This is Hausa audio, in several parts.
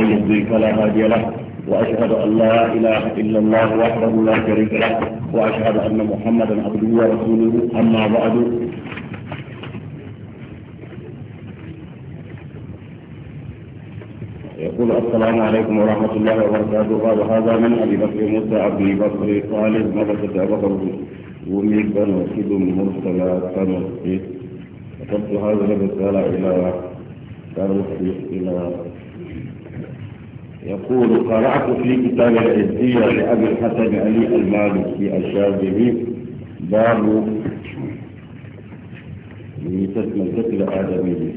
هادي له وأشهد أن لا إله إلا الله وحده لا شريك له وأشهد أن محمدا عبده ورسوله أما بعد يقول السلام عليكم ورحمة الله وبركاته قال هذا من أبي بكر موسى أبي بكر خالد مدرسة بكر بن وكيد مرسلا كان وسيد كتبت هذا الرسالة إلى وسيد إلى يقول قرأت في كتاب العزية لأبي الحسن علي في الشاذلي باب ميتة الطفل آدمي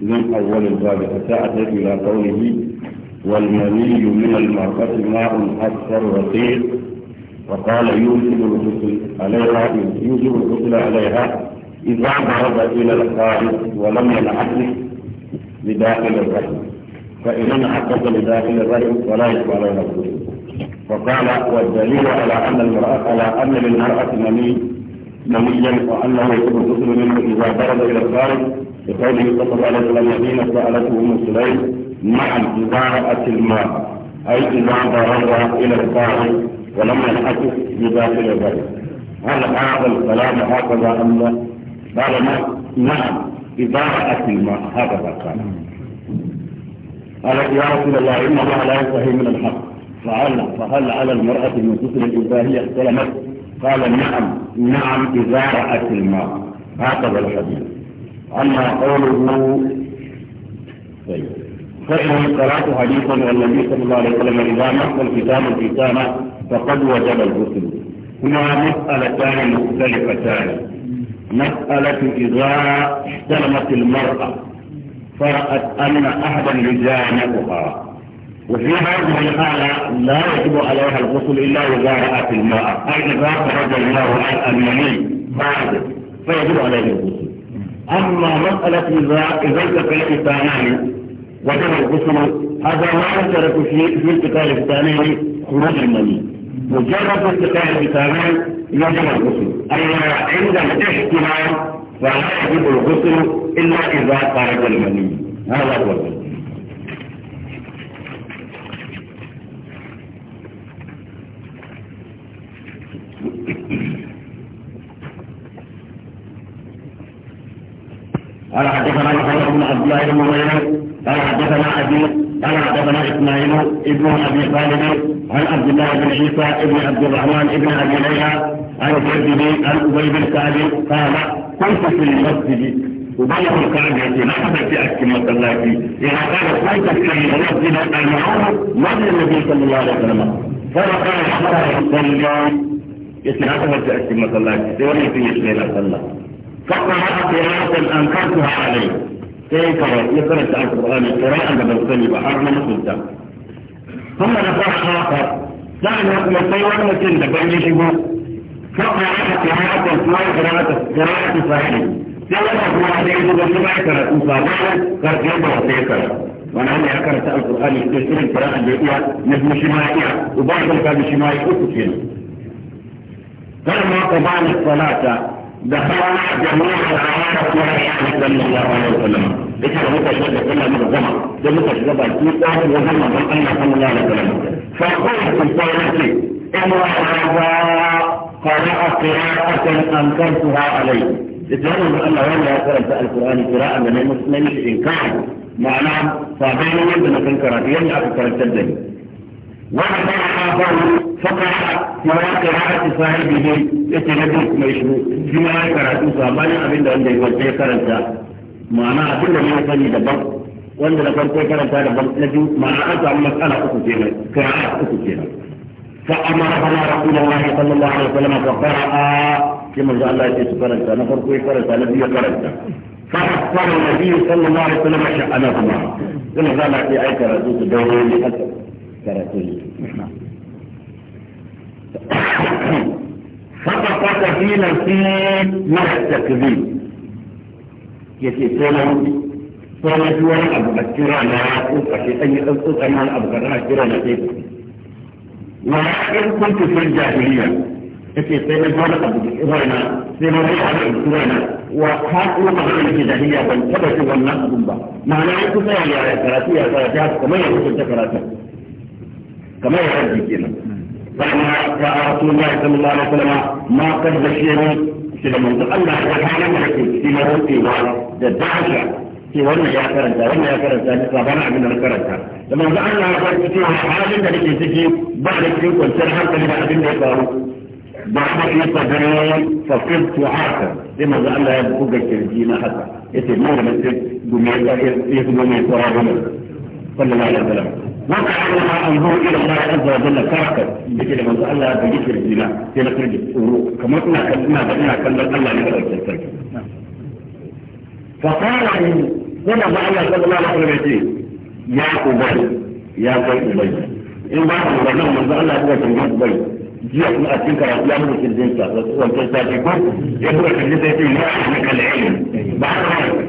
من أول الباب فساعدت إلى قوله والمني من المرأة ماء أكثر رقيق وقال يوسف الغسل عليها يوسف الغسل عليها إذا ضرب إلى الخارج ولم ينعكس بداخل الرحم فإننا حقق لداخل الرجل ولا يجب على الغسل وقال والدليل على أن المرأة على أن للمرأة مني نميا وأنه يجب الغسل منه إذا برد إلى الخارج بقوله صلى الله عليه وسلم الذين سألته أم سليم نعم إذا الماء أي إذا برد إلى الخارج ولم ينحكف بداخل الرجل هل هذا الكلام هكذا أم لا؟ قال نعم،, نعم إذا رأت الماء هكذا كان قال يا رسول الله إن الله لا ينتهي من الحق فعل فهل على المرأة من كسر الإلباهية احتلمت قال نعم نعم إذا رأت الماء هكذا الحديث أما قوله طيب فإن قرأت حديثا والنبي صلى الله عليه وسلم إذا مس الختام الختام فقد وجب الغسل هنا مسألتان مختلفتان مسألة إذا احتلمت المرأة فرأت أن أحدا يجامعها وفي هذه الحالة لا يجب عليها الغسل إلا إذا رأت الماء أي إذا خرج الماء عن المني بعد فيجب عليه الغسل أما مسألة إذا إذا التقى الثانيان وجب الغسل هذا ما يشترك في في التقاء الثانيان خروج المني مجرد التقاء الثانيان يجب الغسل أما عند الاحتمال فلا يجب الغسل إلا إذا خرج المني هذا هو الوجه قال حدثنا محمد بن عبد الله بن مريم قال حدثنا ابي قال حدثنا اسماعيل ابن ابي خالد عن عبد الله بن عيسى ابن عبد الرحمن ابن ابي ليلى عن سيده عن ابي بن كعب قال كنت في المسجد وبايع القاعدة لحظة في مسلاكي إذا كان فايتك في المسجد اليوم من النبي صلى الله عليه وسلم فرق صلى يتناسب في أكل مسلاكي قراءة أنكرتها عليه كيف يقرأ القرآن قراءة بالصلي بحرم مسلسة ثم نفرح آخر دعنا كما سيوان مكين دبني شبه قراءة قراءة قراءة صحيح sai wanda kuma da ya zuba kuma ya karatu ba ba karfe da wata ya karatu wani hanya ya karanta alkur'ani sai irin kira'an da ya iya na biyu shi ma ya iya uba ya karanta shi ma ya uku kenan kar ma ka ba ni salata da hawa jami'a da hawa da kuma ya sallallahu alaihi wasallam yake da muka shiga da muka gama da muka shiga baki ɗaya wajen manzon Allah sallallahu alaihi wasallam fa ko ku ce in wa hada قرأ قراءة أنكرتها عليه لتعلم أن وانا يقرأ القرآن قراءة من المسلم إنكار معناه صابين يبدو في الكراتية لأكثر التدني وحتى حافظ فقع سوى قراءة صاحبه يتنبه ما يشبه فيما يقرأ صابين أبين دون دي وجه كرنسا معناه كل ما يصني دبر wanda da farko karanta da ban na biyu ma'ana an samu matsala uku kenan kira'a uku kenan fa amara bana rasulullahi sallallahu alaihi wasallam fa qara'a كما جاء الله ya ce نفر كوي na farko ya karanta فأخبر النبي صلى الله عليه وسلم شأنهما كما قال في أي كرسوس دوري حتى كرسوس فقط في نفسي من يسي يتي سلام سلام سوان أبو بكر لا يقول أشي أي أبو بكر أبو بكر لا يقول ولا كنت في الجاهلية yake sai na gona ka buɗe raina sai na rika da in raina wa har kuma ba zai yi jahiliya ban taba shi wannan abun ba ma'ana ya kusa ya ya karatu ya karatu haka kamar ya hukunta karatu kamar ya rabbi kenan فلما راى رسول الله صلى الله عليه وسلم ما قد بشرني سيدنا منذ الله تعالى ولكن سيدنا روحي ودعشة ce wannan ya karanta wannan ya karanta ne sabon abin da na karanta da manzo Allah ya farki cewa halin da nake ciki ba da cikin kwanciyar hankali da abin da ya faru بعد ايه صدرين فصلت وعاكم زي ما قال لها بفوق الكرزينة حتى اسم مرة مثل جميعك اسم جميعك ورابنا صلى الله عليه وسلم وقع لها انظر الى الله عز وجل كاكت بكده من قال لها فقال ثم قال صلى الله عليه يا أبي يا أبي أبي إن بعض الرجال من قال jiya kuma a cikin karatu ya nuna kirjin sa wasu wancan sati ko ya nuna kirjin sa ya ce ya na kal'ayi ba a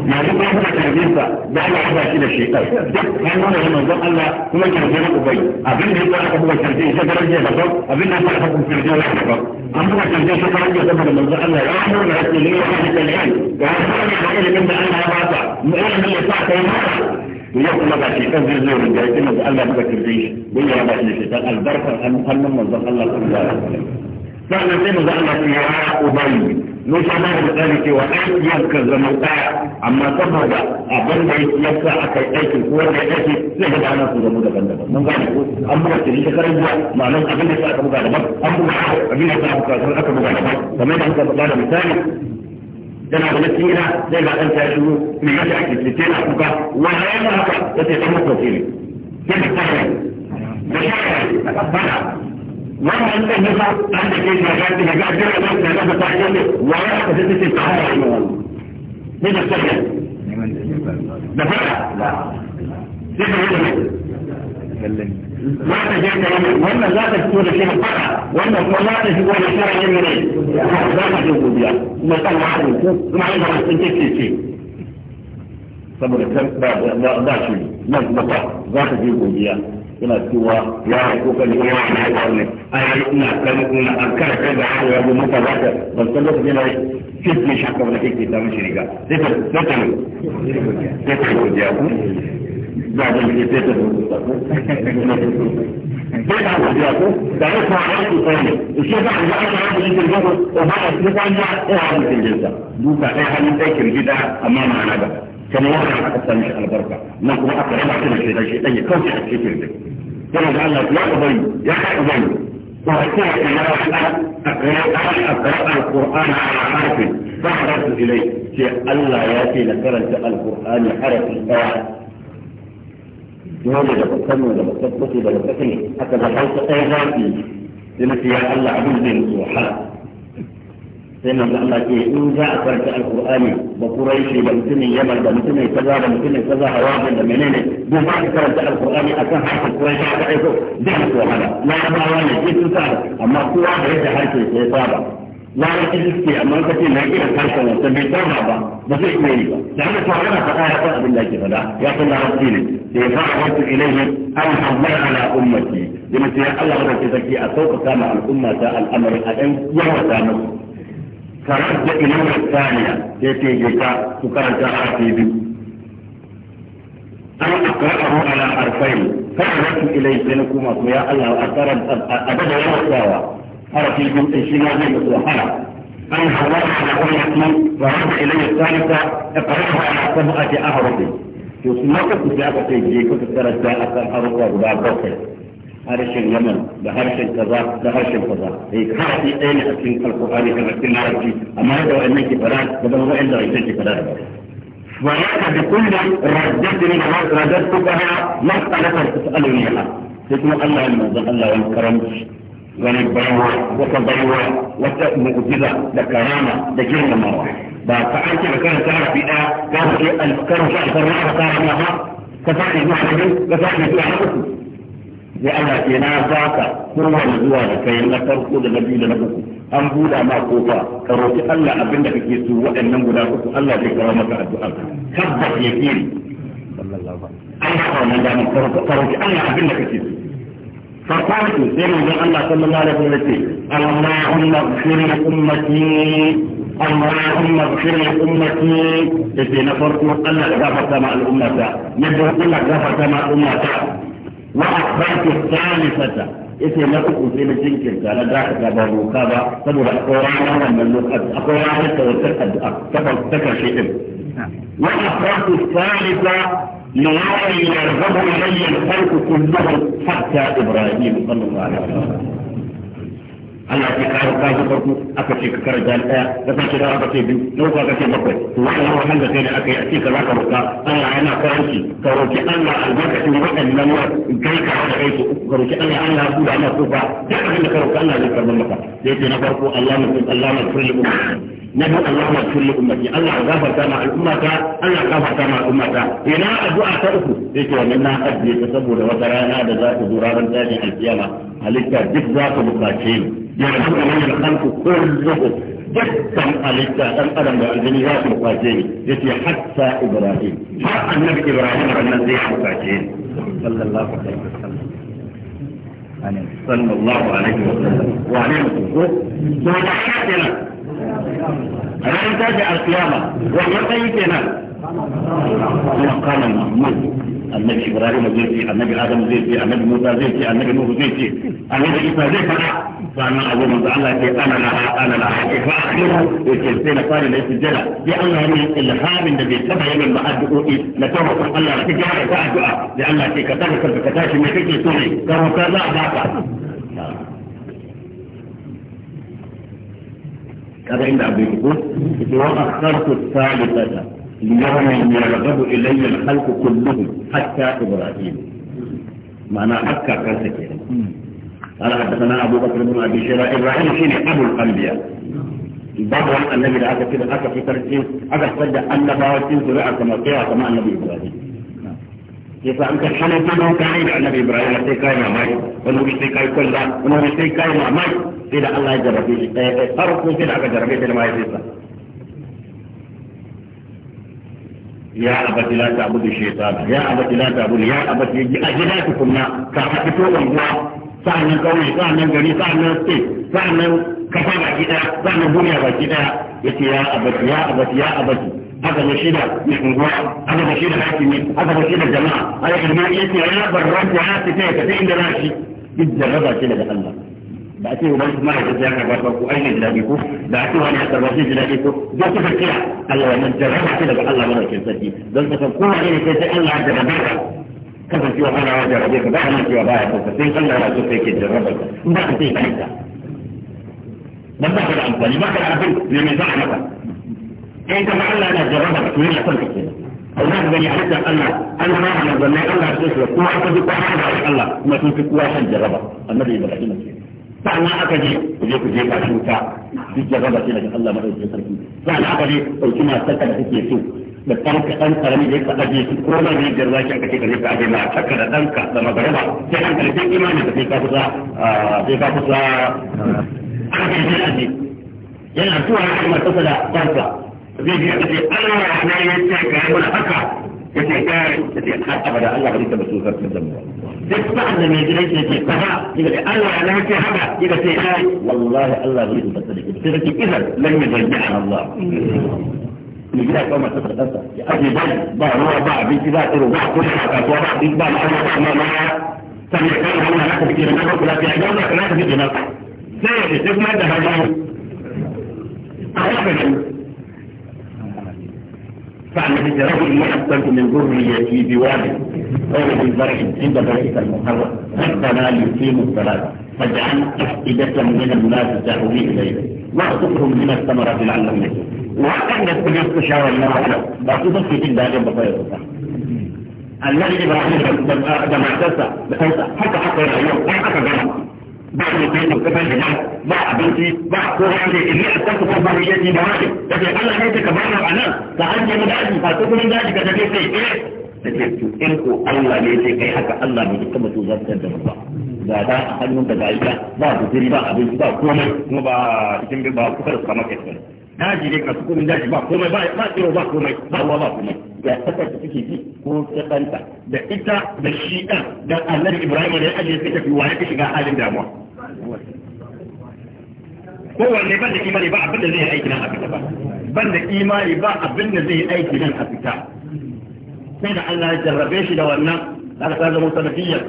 na ji kuma nuna kirjin sa da Allah ya shi da shekar ya nuna ya manzon Allah kuma kirjin ubai abin da ya fara ka buga kirjin ya shekarar jiya daban abin da ya fara ka buga kirjin ya daban an buga kirjin shekarar jiya saboda manzon Allah ya nuna ya ce ne ya na kal'ayi ya nuna ya ilimin da Allah ya ba ta mu ilimin ya sa kai mata ya kuma ga shekar zai zo da ya ce manzon Allah buga kirjin shi bayyana ba shi shaitan albarkar hannun manzon Allah sallallahu alaihi wasallam sannan sai manzon Allah ya ubayi mun sha da misali cewa an yanka zaman ɗaya amma saboda abin da ya sa aka yi aiki ko wanda ya aiki sai ga ana su zama daban daban mun gane ko an buga shi ta karin zuwa ma'anar abin da aka buga daban an buga abin da aka buga aka buga daban kamar da aka buga da misali yana da nasi yana zai ga ɗan ta shigo me yake ake ce na kuka wa ya haka ya ce ta mutuwa ce ne sai da da wannan da nufa an da ke ta ne wa ya ka ta ne da da fara sai ka yi yi wannan za ta fito da shi fara wannan kuma za ta shigo da shi za ta je godiya kuma kuma gaba sun ce saboda ba shi za ta godiya suna cewa ya ko ka ne ya ne ya ne ai ina kan ina an kar kai da ya ga maka ba ka ban san da kina ce ne shaka wala kike da mun shiriga sai ka sai ka sai ka ko ya ku za ka ne sai ka sai ka ko ya ku da ya fa ai ku sai shi ba an ga an ga ne ko ba ko ba ne ka ya ya ne duka sai halin sai kirgida amma ma'ana ba كما وقع حتى مش على بركة ما هو أكثر حاجه في الشيء ده شيء أي في الشيء ده كما قال لك يا أبي يا أبي وأكثر أن أقرأ القرآن على حرف فاحرص إليه شيء ألا يأتي لكرة القرآن حرف القرآن dole da bakan da bakan da bakan حتى لو hausa ɗaya zafi sai na ya Allah abin sai manzo Allah ce in za a karanta alqur'ani da quraishi da mutumin yaman da mutumin kaza da mutumin kaza hawazin da menene duk za a karanta alqur'ani akan harkar quraishi aka aiko da su wahala na ba wani ke sun sa amma kowa da yadda harke sai saba ya rike iske amma ka ce na iya harshen wata bai saba ba ba zai iya yi ba da haka to yana faɗa ya san abin da ake faɗa ya san larabci ne sai fa wasu ilaihi an habbara ala ummati yana ce Allah ya rike saki a sauƙaƙa ma al'umma ta al'amari a ɗan yawa ta musu فرد إليه الثانية التي جاء تكرر حرفي بي أنا أقرأه على حرفين فأردت إليه سنكم يا الله أقرب أبدا يوسف حرفي بي إشينا بي مسوحنا أن حررت على أمتي ورد إليه الثالثة أقرأه على سبعة أحرف يسمعك في سياقة جيكو تكرر جاء أكثر حرفة وبعد بطل harshen yaman da harshen kaza da harshen kaza eh harafi ɗaya ne a cikin alkur'ani kan cikin larabci amma da wa'annan ke fara da ban wa'anda wa'annan ke fara da ولك بكل ردتني رددتكها مسألة تسألني عنها تقول الله المنزل الله والكرمش wani baiwa wata baiwa wata mu'jiza da karama da girmamawa ba ka aiki da kan tara fi da ka ce alkaru shi alkaru ka tara ma ka ka fadi ma ka fadi ka fadi ka fadi ya ana ce na baka da zuwa da kai na farko da na biyu da na uku an buɗa ma kofa ka roki Allah abin kake so waɗannan guda uku Allah zai kawo maka addu'a tabbas yaqini an haka wannan damar ka roki Allah abin kake so فقالت سيدنا الله صلى الله عليه وسلم اللهم اغفر لأمتي اللهم اغفر لأمتي إذ وأخبرت الثالثة إذا ما تكون في مجنكر قال داخل أبو مكابا تبو الأقوران من المقد أقوران التوتر قد تكر شيئا وأخبرت الثالثة لغاية يرغب علي الخلق كلهم حتى إبراهيم صلى الله عليه وسلم Allah ya kare ka ji farko aka ce ka karanta daya ka sake da aka ce biyu na uku aka ce bakwai to wannan wahan da kai da aka yi a ce ka zaka roƙa Allah yana karanci ka roƙi Allah albarkacin waɗannan wa kai ka da kai to ka roƙi Allah Allah su da Allah ko ba duk abin da ka roƙa Allah zai karɓar maka sai ce na farko Allah mutum Allah mutum نبي اللهم كل أمتي الله غفر كما الأمة الله غفر كما الأمة إلى أدعاء تأكل لكي ومنا أدري تصبر وترانا بذات ضرارا تاني القيامة عليك دك ذات مقاتين يرحم من الخلق كلهم دكا عليك أن أدم بأذني ذات يتي حتى إبراهيم حق النبي إبراهيم عن ذات مقاتين صلى الله عليه وسلم صلى الله عليه وسلم وعليه وسلم وعليه وسلم ran tashi alkiyama wani matsayi kenan kuma kana mahmud annabi ibrahim zai ce annabi adam zai ce annabi musa zai ce annabi nuhu zai ce annabi isa zai fada sannan abu manzo Allah ce ana laha ana laha fa akhiru yake sai na fara da sujjada sai Allah ne ilhamin da bai taba yin ba addu'o'i na tawo Allah ka ji ka addu'a sai Allah ce ka tabbata ka tashi me kake so ne ka roƙa za a baka هذا عند عبد يقول وأخرت الثالثة ليوم يرغب إلي الخلق كلهم حتى إبراهيم معنى حكى كان قال حدثنا أبو بكر بن أبي شيبة إبراهيم شيخ أبو الأنبياء بابا النبي العاقل كده أكا في ترجم أكا صدق أن باوتين زرع كما كما النبي إبراهيم ke sa an ka hana kuma kai da annabi ibrahim sai kai mamaki wani wuri sai kai kulla wani wuri sai kai mamaki sai da Allah ya jarabe shi ɗaya ɗaya farko sai da aka jarabe shi da mahaifinsa يا أبت لا تعبد الشيطان يا أبت لا تعبد يا أبت أجلاتكم كعبتكم الله سعنا قوي سعنا قري سعنا سي سعنا كفر كده سعنا بنيا كده يا أبت يا أبت يا أبت هذا بشير الحكومة هذا بشير الحاكمين هذا بشير الجماعة هذا حرمانيتي يا برد وعاد تتاكا تين دراشي يتجربها كده دخلنا بعتيه بس ما يتجرب برضه وأين جلابيكو بعتيه أنا تربيه جلابيكو ده كيف كده الله من جربها كده الله ما يكذب ده انت تقول عليه كده الله عز وجل كفن في وحنا وجه عليك بعنا في وبايك وفتين خلنا لا تفيك الجربة ما تفيك أنت ما تفيك أنت ما تفيك أنت لمن زحمك in ka Allah na jarraba ne ya san ka kenan Allah ga ya hada Allah an ma na zanne Allah ya tsaya kuma aka ji ko Allah Allah kuma sun fi kowa san jarraba annabi Ibrahim ce sannan aka je ku je ku je ka shuka duk jarraba ce daga Allah madaukakin sarki sannan aka je dauki na saka da kake so da ɗanka ɗan karami da ka aje su ko na ne garza ki aka ce ka je ka aje na saka da ɗanka da magaraba sai an karfin imani da sai ka kusa sai ka kusa an kai aje yana zuwa kuma kusa da ɗanka zai الله aka ce Allah na ya ce ka yi mana فعن بجرد ما أكثر من ذريتي بوالد أو بالبرح عند بيتك المحرم حتى لا يقيم الصلاة فاجعل أفئدة من الناس تهوي إليه واعطفهم من الثمرات لعلهم يشكرون وأن السبيل تشاور الله أعلم بعطفهم في جدا جنب بيتك الذي إبراهيم لما اعتسى حتى حتى اليوم حتى جنب ba ne bai da kafin gida ba abinci ba ko wanda idan a kasa ko ba ya ji da wani da ke Allah ne ka bana a nan ka an je daji ka ko kuma daji ka tafi sai eh nake to in ko Allah ne sai kai haka Allah ne kuma to za ka da ba ga da a hannun da gaita ba guduri ba abinci ba komai kuma ba cikin ba kuka da kama kai daji ne ka kuma daji ba komai ba ba tsiro ba komai ba wa ba komai ga kasar da suke ji ko ta ɗanta da ita da shi ɗan da annabi Ibrahim ne ya aje suka fi waye ka shiga halin damuwa kowanne ban da imani ba abin da zai aiki nan a fita ba ban da imani ba abin da zai aiki nan a fita sai da Allah ya jarrabe shi da wannan aka ta zama sanadiyya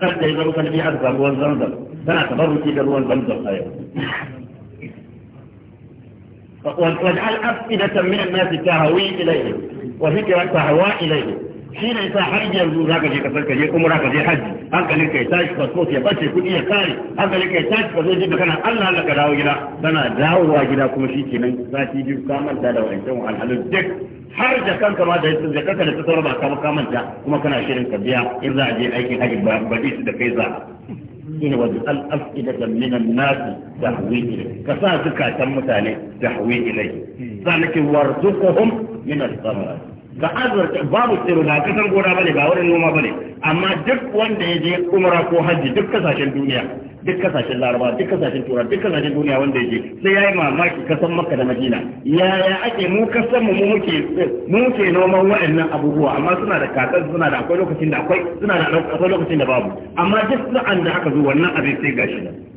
kan da ya zama sanadiyya aka samu ruwan zanzan tana tabarruki da ruwan zanzan a yau واجعل أفئدة من الناس تهوي إليهم وفكرة تهوى إليهم shi ne sa har yanzu za ka je kasar ka je umra ka je hajji hankalin kai tashi passport ya bace kuɗi ya kare hankalin kai tashi ka zo jibba kana Allah Allah ka dawo gida kana dawowa gida kuma shi kenan sati biyu ka manta da wa'ancan alhalin duk har da kanka ma da yake kanka da ta ba ka ka manta kuma kana shirin ka biya in za a je aikin hajji ba ba da kai za shine wajen al'afidata minan nasu da hawi ilai ka sa zukatan mutane da hawi ilai zalikin warzuquhum min al-thamarati ga azurta babu tsiro ba kasar gona bane ba wurin noma bane amma duk wanda ya je umra ko hajji duk kasashen duniya duk kasashen laraba duk kasashen tura duk kasashen duniya wanda ya je sai yayi mamaki kasan makka da madina yaya ake mu kasan mu muke mu muke noman wa'annan abubuwa amma suna da kakan suna da akwai lokacin da akwai suna da akwai lokacin da babu amma duk sa'an da aka zo wannan abin sai gashi nan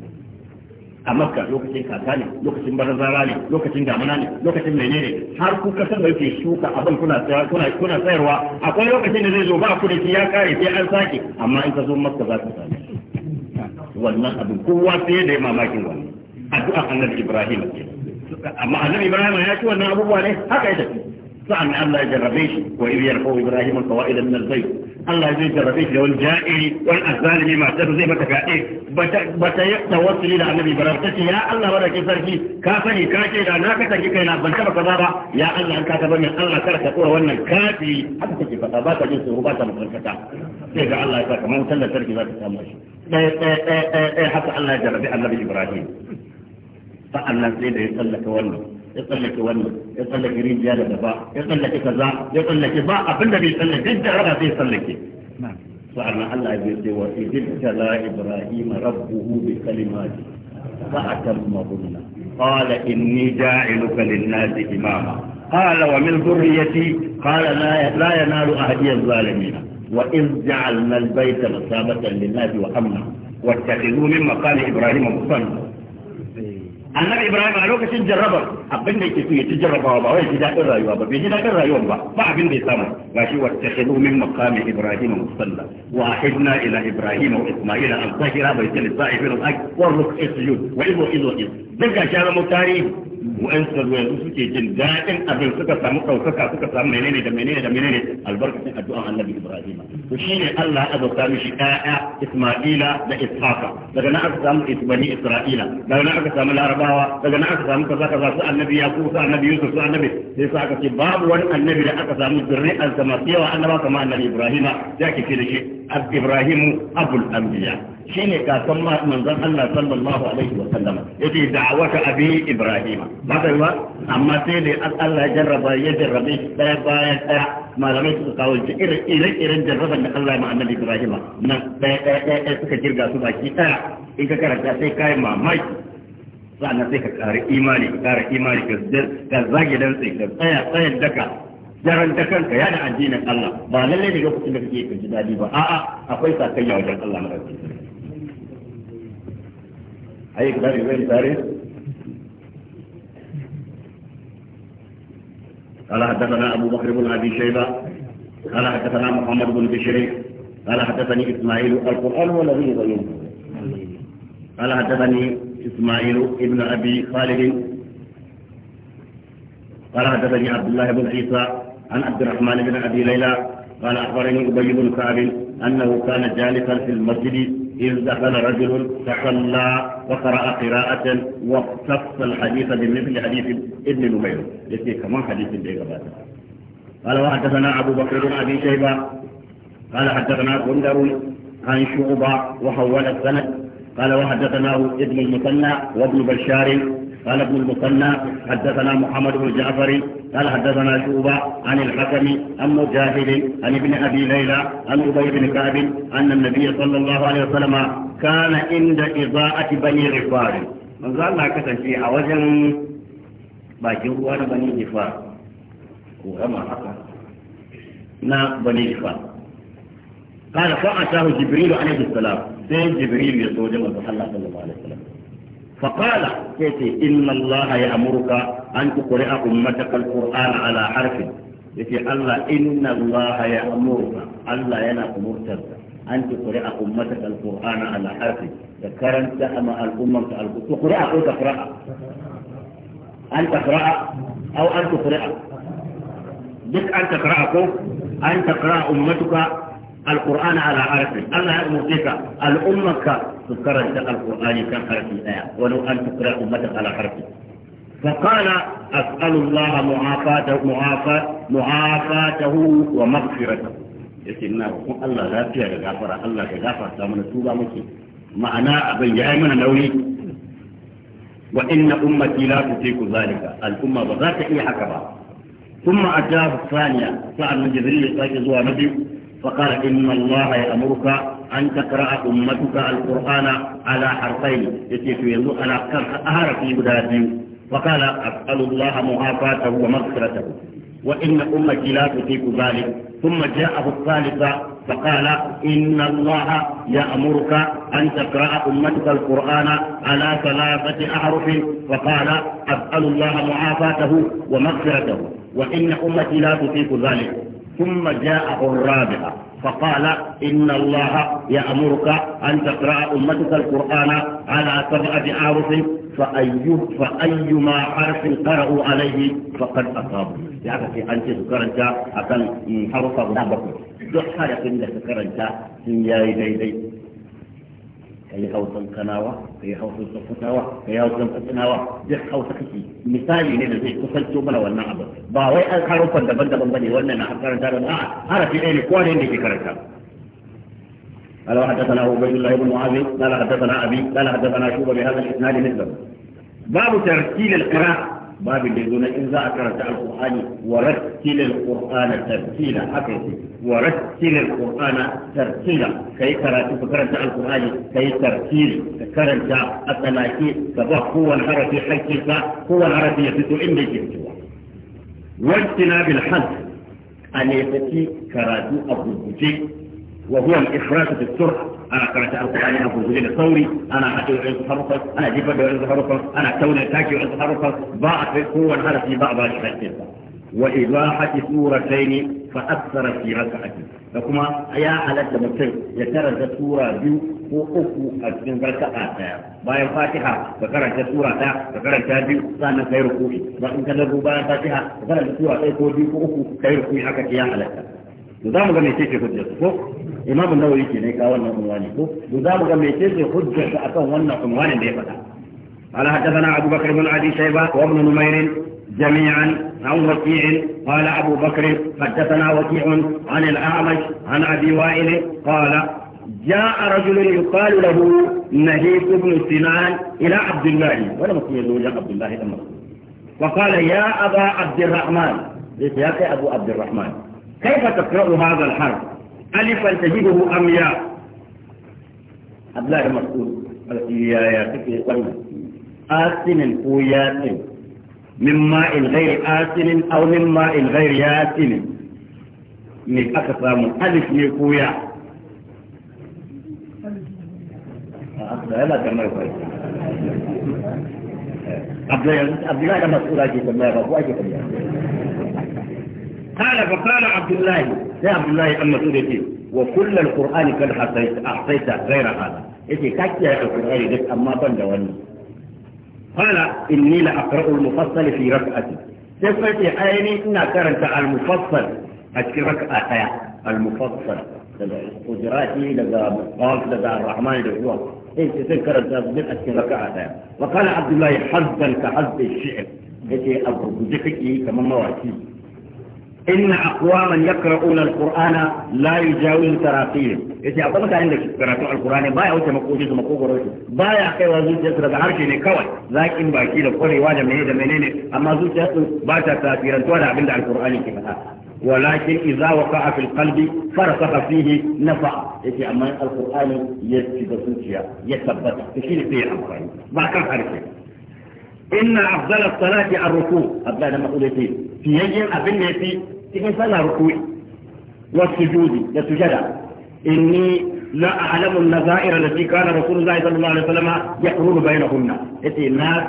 a makka lokacin kaka ne lokacin barazara ne lokacin damuna ne lokacin menene har ku kasar da yake shuka abin kuna kuna kuna tsayarwa akwai lokacin da zai zo ba ku da ya kare sai an sake amma in ka zo makka za ka same wannan abin kowa sai da mamakin wani addu'a annabi ibrahim amma annabi ibrahim ya ci wannan abubuwa ne haka ya tafi طعم الله يجربيش وإذ يرفو إبراهيم القوائد من الزيت الله يجربيش لو الجائل والأزال مما اعتدوا زي ما تكائيه بتيقت وصل إلى النبي برغتك يا الله ولك فرجي كافني كاكي إلى ناكتك كي نعبن كما يا الله أن كاتبني الله كرك أقول وأن الكافي حتى تكي فقابات جنس غبات مفرقتا سيجع إيه الله يفاك ما مسلا تركي ذات الساموش إيه، إيه، حتى الله يجربي النبي إبراهيم فأنا سيدي يسلك والله ya tsallake wannan ya tsallake rijiya da gaba ya tsallake kaza ya tsallake ba abin da bai tsallake duk da rana sai tsallake sa'annan Allah ya ce wa idin tala ibrahim rabbuhu bi kalimati fa atammahunna qala inni ja'iluka lin-nasi imama قال ومن ذريتي قال لا لا ينال أهدي الظالمين وإذ جعلنا البيت مثابة للناس وأمنا واتخذوا من مقام إبراهيم مصلى annabi ibrahim a lokacin jarrabar abin da yake so ya ci jarrabawa ba wai ji dadin rayuwa ba bai ji dadin rayuwa ba ba abin da ya samu gashi wa tashidu min maqami ibrahim musalla wa ahidna ila ibrahim wa isma'ila an tahira baytal sa'ifin al-aq wa ruk'is sujud wa ibu idu duk gashi ya zama tarihi wa'ansu ruwa su suke jin daɗin abin suka samu ɗaukaka suka samu menene da menene da menene albarkacin addu'an annabi ibrahim to shine Allah ya azurta mishi ɗaya isma'ila da ishaqa daga nan aka samu isbani isra'ila daga nan aka samu larabawa daga nan aka samu kaza kaza su annabi yaqub su annabi yusuf su annabi sai sa aka ce babu wani annabi da aka samu zurri'an sama yawa annaba kamar annabi ibrahim ya ke da shi Ibrahim Abul Anbiya shi ne kakan manzon Allah sallallahu alaihi wa sallam yace da'awata abi Ibrahim ba kai ba amma sai dai Allah ya jarraba ya jarrabe shi daya bayan daya malamai suka kawo irin irin jarraban da Allah ma annabi Ibrahim nan daya daya daya suka kirga su baki daya in ka karanta sai kai mamaki sa'annan sai ka kare imani ka kare imani ka zage dan tsaye ka tsaya tsayin daka jaranta kanka yana addinin Allah ba lalle ne lokacin da kake ka ji dadi ba a'a akwai sakayya wajen Allah madaukakin ayi guda ne zai tare قال حدثنا أبو بكر بن أبي شيبة قال حدثنا محمد بن بشير قال حدثني إسماعيل القرآن هو الذي قال حدثني إسماعيل ابن أبي خالد قال حدثني عبد الله بن عيسى عن عبد الرحمن بن أبي ليلى قال أخبرني أبي بن كعب أنه كان جالسا في المسجد إذ دخل رجل فصلى وقرأ قراءة واقتص الحديث بمثل حديث ابن نمير يسير كمان حديث ابن قال وحدثنا أبو بكر بن أبي شيبة قال حدثنا غندر عن شعبة وحول السند قال وحدثناه ابن المثنى وابن بشار قال ابن المثنى حدثنا محمد بن جعفر قال حدثنا شعبة عن الحكم عن مجاهد عن ابن أبي ليلى عن أبي بن كعب أن النبي صلى الله عليه وسلم كان عند إضاءة بني غفار من قال ما كتب في wajen bakin هو بني غفار gifar ko kama haka na bani قال فأتاه جبريل عليه السلام سيد جبريل يسوع جمع الله صلى الله عليه وسلم فقال كيتي إن الله يأمرك أن تقرأ أمتك القرآن على حرف يتي الله إن الله يأمرك الله ينا أمرتك أن تقرأ أمتك القرآن على حرف ذكرن تأمى الأمة تقرأ أو تقرأ أن تقرأ أو أن تقرأ بك أن تقرأ أن تقرأ أمتك القرآن على عرفه الله يأمرك الأمك تذكر القرآن كان حرف الآية ولو أن تقرأ أمتك على حرفه فقال أسأل الله معافاته معافاة معافاته ومغفرته يسمى الله لا فيها غفر الله غفر سامنا توبة مكي معنى أبن جايمن نوي وإن أمتي لا تطيق ذلك الأمة بذات إيه حكبا ثم أتاه الثانية فعن جبريل قال زوا نبي فقال إن الله يأمرك أن تقرأ أمتك القرآن على حرفين يتفيض على حرف بدابي فقال أسأل الله معافاته ومغفرته وإن أمتي لا تطيق ذلك ثم جاءه الثالثة فقال إن الله يأمرك أن تقرأ أمتك القرآن على ثلاثة أحرف فقال أسأل الله معافاته ومغفرته وإن أمتي لا تطيق ذلك ثم جاءه الرابعة فقال إن الله يأمرك أن تقرأ أمتك القرآن على سبعة أعرف فأي فأيما حرف قرأوا عليه فقد أصابوا يعني أنت ذكرت أكن حرف غضبك دحرة إن ذكرت سياي kai hausan kanawa kai hausan sakatawa kai hausan katsinawa duk hausa kake misali ne da zai kusanto mana wannan abu ba wai an harufan daban-daban bane wannan na karanta da a'a harafi ɗaya ne kowa ne da ke karanta قال وحدثنا عبيد الله بن معاذ قال حدثنا ابي قال حدثنا شوبه بهذا الاسناد مثله باب ترتيل القراءه babu da zo na in za a karanta alqur'ani wa rattil alqur'ana tartila haka yake wa rattil alqur'ana tartila kai karatu ka karanta alqur'ani kai tartili ka karanta a tsanake ka ba kowane harafi hakkinsa kowane harafi ya fito inda yake fitowa wajtina bil hazf a ne karatu a gurguje وهو الإفراط في السرعة أنا قرأت القرآن أبو فرزولي الثوري أنا حتى يعيد تحرفا أنا جفا يعيد تحرفا أنا كون تاكي يعيد تحرفا باع في قوة الحرف باع باع الشيطان وإباحة سورتين فأكثر في ركعتين فكما يا على التمثل يترى سورة بيو وقفوا أكثر ركعة باية الفاتحة فقرأت سورة تا فقرأت بيو سانا خير قوي وإن كان الرباء الفاتحة فقرأت سورة بيو وقفوا خير قوي حكا يا على التمثل نظام غني تيجي هجة imamu nawawi ke ne ka wannan unwani ko to za mu ga me ce ce hujja akan wannan unwanin da ya faɗa قال حدثنا أبو بكر بن أبي شيبة وابن نمير جميعا عن وكيع قال أبو بكر حدثنا وكيع عن الأعمش عن أبي وائل قال جاء رجل يقال له نهيك بن سنان إلى عبد الله ولا مسلم جاء عبد الله أمر وقال يا أبا عبد الرحمن يا أبو عبد الرحمن كيف تقرأ هذا الحرف alifan tajiduhu amya Abdullahi Mas'ud ya kake asinin ko yasin min ma'in ghairi asinin aw min ma'in ne aka samu alif ne ko ya yana da mai ake ba ko ake قال فقال عبد الله يا عبد الله أما سورتي وكل القرآن قد أعطيت غير هذا إذا كاكي القرآن لك أما بندوني قال إني لأقرأ المفصل في ركعتي سيفتي آيني إنا كرنت المفصل أشكي ركعة المفصل قدراتي لذا مقاف لذا الرحمن لدى إيه، انت تذكر التابلين أشكي ركعة وقال عبد الله حظا كحظ الشعر يتي أبو جفكي كما مواتي إن أقواما يقرؤون القرآن لا يجاوز تراقيهم إذا أقوم تعين لك قراءة القرآن باي أو مقوجه مقوجه روشه باي أخي وزوج يسر بحرشي نكوي إن باكي لقري واجه هيدا منيني أما زوج جسر باتا تاثيرا تولا عبد القرآن كفتا ولكن إذا وقع في القلب فرسخ فيه نفع إذا أما القرآن يتبسوشيا يتبت تشيل فيه أمرين ما كان حرشي إن أفضل الصلاة الركوع أبدا لما أقول إيه؟ في يجب أبن في تكون صلاة ركوع والسجود والسجد إني لا أعلم النظائر التي كان رسول الله صلى الله عليه وسلم يقرون بينهن إتي ناس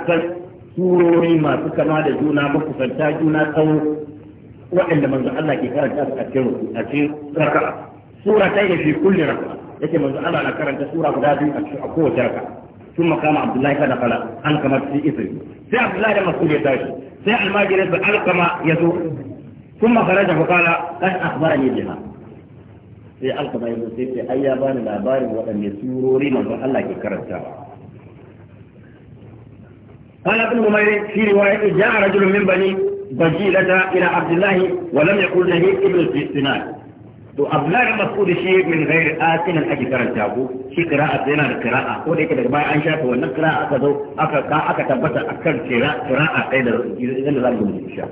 سوري ما سكنا لجونا مكفر تاجونا او وإن من ذعلنا كي كان جاس أكيرو في كل ركعة إتي من ذعلنا كرنت سورة قدادي أكشو أكوة ثم قام عبد الله فدخل ألقمة في إثر سي عبد الله لما مسؤول يتاشي سي الماجرس ألقمة يسوع ثم خرج فقال قد أخبرني بها سي ألقمة يسوع سي أي لا الأبار وأن يسوروري من الله كرتها قال ابن عمير في رواية جاء رجل من بني بجيلة إلى عبد الله ولم يقل له ابن السنان to Abdullahi Mas'ud shi min ghairi asin al-aji karanta ko shi qira'a yana da qira'a ko da yake daga baya an shafe wannan qira'a aka zo aka ka aka tabbata akan qira'a sai da zan zan mu insha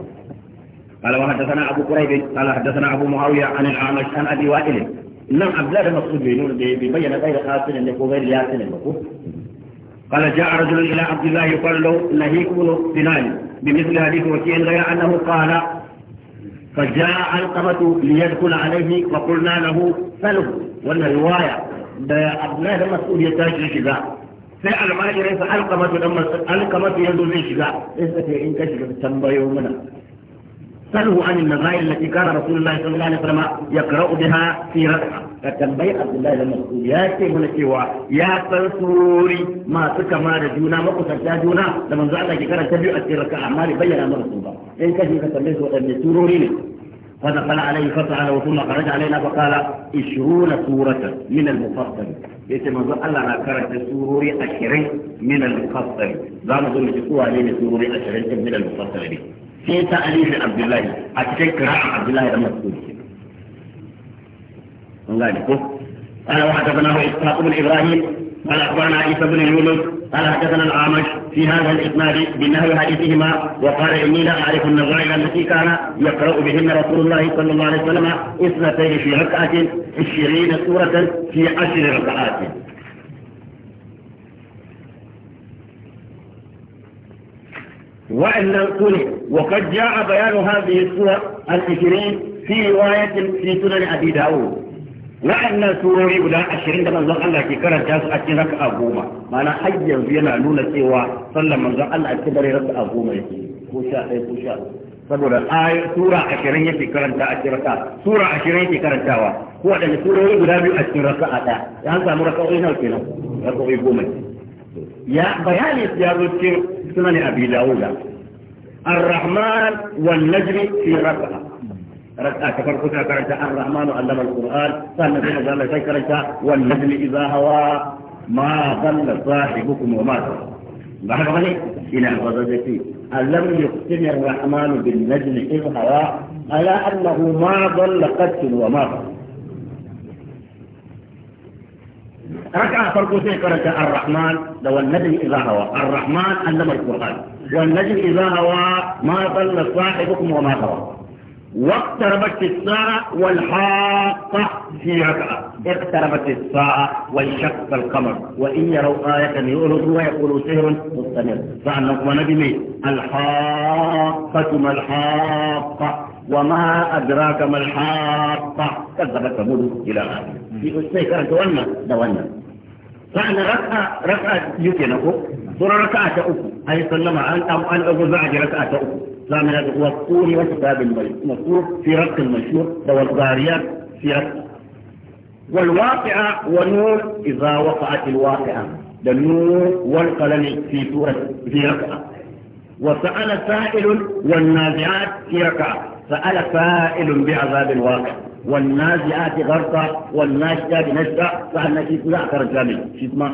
قال وحدثنا ابو قريب قال حدثنا ابو معاويه عن الاعمش عن ابي وائل نعم عبد الله مسعود بيبين غير قاتل انه غير ياسر قال جاء رجل الى عبد الله يقال له نهيك بن بلال بمثل حديث وكيع غير انه قال فجاء علقمة ليدخل عليه وقلنا له فلو ولا رواية ابناء لما تقول يتاج الشجاع فعل ما يريد القمة لما القمة يدخل الشجاع اذا انكشف تنبيه منه سألوه عن النظائر التي كان رسول الله صلى الله عليه وسلم يقرأ بها في رقعة فتنبي عبد الله بن مسعود يا شيخ الكيوا يا سلسوري ما تكما رجونا ما قصدت يا جونا لما زعل لك كان تبيع التركة أعمال بيّن أمر رسول الله إن كذلك تنبيه وأن يسروري لك فدخل عليه فتح على الله خرج علينا فقال اشرون سورة من المفصل يتي من ذو الله نكرت سوري أشرين من المفصل دعنا ذو نجسوا علينا سوري أشرين من المفصل في تأليف عبد الله أتكلم عبد الله بن الله ذلك قال وحدثناه إسحاق بن إبراهيم قال أخبرنا عيسى بن يونس قال حدثنا الأعمش في هذا الإسناد بنحو حديثهما وقال إني لا أعرف النظائر التي كان يقرأ بهن رسول الله صلى الله عليه وسلم اثنتين في ركعة عشرين سورة في عشر ركعات وأن القول وقد جاء بيان هذه السور العشرين في رواية في سنن أبي داود waɗannan surori guda ashirin da manzon Allah ke karanta su a cikin raka'a goma mana har yanzu yana nuna cewa sallan manzon Allah a cikin dare raka'a goma yake ko sha ɗaya ko sha saboda ayi sura ashirin yake karanta a cikin raka'a sura ashirin yake karantawa ko waɗanne surori guda biyu a cikin raka'a ɗaya ya samu raka'o'i nawa kenan raka'o'i goma ya bayani ya zo cikin سنن أبي داود الرحمن والنجم في ركعة ركعة تفرقتها كرنت الرحمن علم القرآن قال نبينا قال عليه وسلم والنجم إذا هوى ما ظل صاحبكم وما ظل ما هذا بني إلى الفضل ألم يقتني الرحمن بالنجم إذ هوى ألا أنه ما ظل قد وما ظل ركعة فرقتين كرنت الرحمن لو النجم إذا هوى الرحمن علم القرآن والنجم إذا هوى ما ضل صاحبكم وما هوى واقتربت الساعة والحاقة في ركعة اقتربت الساعة وانشق القمر وإن يروا آية يؤلف ويقولوا سهر مستمر فأنكم نجمي الحاقة ما الحاقة وما أدراك ما الحاقة كذبت ثمود إلى آخره في أستيكرة وانا دوانا فأنا ركعة ركعة يمكن أقول صورة ركعة أخرى أي سلم عن أم أن أقول بعد ركعة أخرى فأنا أقول والطول وسباب المشهور في رق المشهور هو الغاريات في رق والواقعة والنور إذا وقعت الواقعة النور والقلم في سورة في ركعة وسأل سائل والنازعات في ركعة سأل سائل بعذاب الواقع والنازعات غرقا والناشئات نشأ فأنا في كل أكثر كامل شو اسمه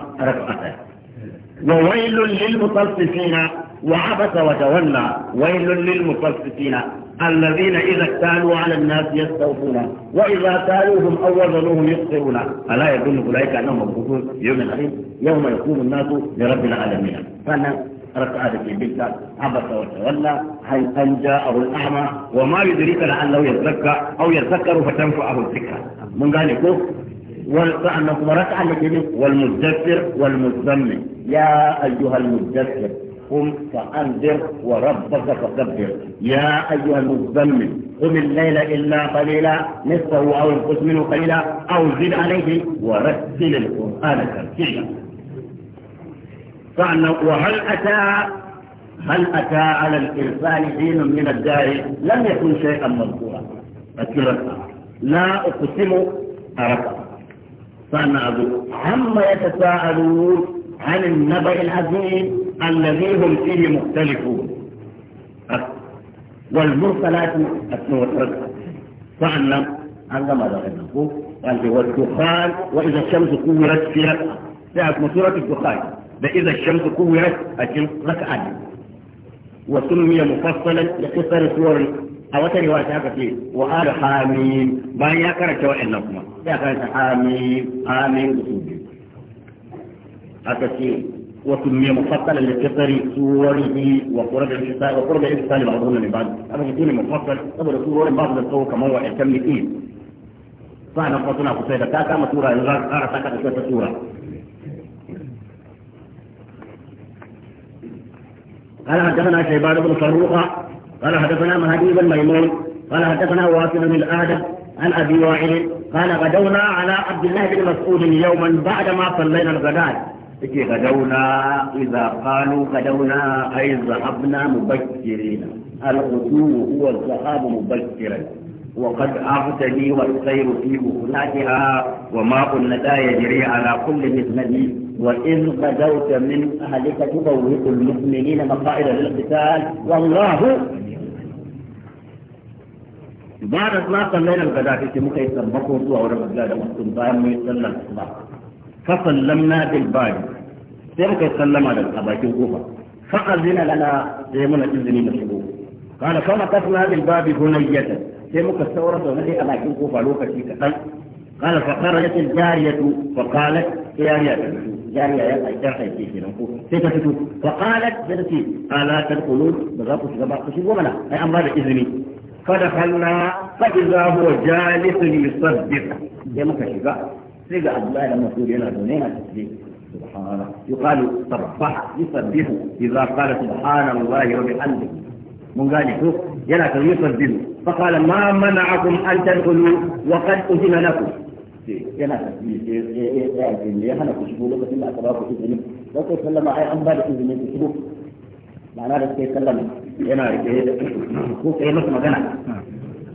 وويل للمطففين وعبس وتولى ويل للمطففين الذين إذا اكتالوا على الناس يستوفون وإذا كالوهم أو وزنوهم يخسرون ألا يظن أولئك أنهم مبعوثون يوم الأخير يوم يقوم الناس لرب العالمين فأنا ركعة في بيتك عبس وتولى هل أن جاءه الأعمى وما يدريك لعله يتذكى أو يتذكر فتنفعه الذكرى من قال يقول وأنه ركعة لكن والمدثر والمزمن يا أيها المدثر قم فأنذر وربك فكبر يا أيها المزمن قم الليل إلا قليلا نصفه أو انقص منه قليلا أو زد عليه ورتل القرآن ترتيلا فأنا وهل أتى هل أتى على الإنسان دين من الداعي لم يكن شيئا مذكورا أكرر لا أقسم أرقى فأنا أقول عما يتساءلون عن النبأ العظيم الذي هم فيه مختلفون والمرسلات أسنورتك فأنا هذا ما ذكرناه قال والدخان وإذا الشمس كورت في رقعة ساعة مسورة الدخان da iza shamsu kuwirat a cikin raka'a ne wa sunniya mufassalan da kisar suwar a wata riwaya ta haka ce wa ala hamim bayan ya karanta wa'annan kuma ya karanta hamim hamim da su biyu haka ce وسمي مفصلا لكثر صوره وقرب الانفصال وقرب الانفصال بعضهن من بعض هذا يكون مفصل قبل صور بعض القوة كما هو يتم الايد فانا فصلنا قصيدة كاكا مسورة يغار ساكا تشوية سورة قال حدثنا شيبان بن فروخة قال حدثنا مهدي بن ميمون قال حدثنا واصل بن آدم عن أبي وائل قال غدونا على عبد الله بن مسعود يوما بعد ما صلينا الغداء غدونا اذا قالوا غدونا اي ذهبنا مبكرين الغدو هو الذهاب مبكرا وقد اعتدي والخير في بطوناتها وماء الندى يجري على كل مثل وإذ غدوت من أهلك تبوئ المؤمنين مقاعد للقتال والله بعد ما صلينا الغداء في سمك يتربكوا سوى ورب الغداء وقتم بايم ويصلى الصباح فسلمنا بالباي سيرك يسلم على الأباك كوفة فأذن لنا سيمنا إذن مشبوه قال فمكثنا بالباب هنية سمك الثورة ونجي أباك كوفة لوكا شيكا قال فخرجت الجارية فقالت جارية جارية الجرح يجي في تفتو فقالت جلسي ألا تدخلون بغاقوا في غباقوا في ومنا أي أمر إذني فدخلنا فإذا هو جالس يصدق يا مكشفة سيقى عبد الله المسؤول هنا دونينا تسبيح سبحان يقال صبح يصبح إذا قال سبحان الله وبحمده من قال يلا يصبح فقال ما منعكم أن تدخلوا وقد أذن لكم yana tafiye ya hana ku shigo lokacin da aka ba ku izini don kai sallama ai an ba da izini ku shigo ma'ana da kai sallama yana rike da ko kai masa magana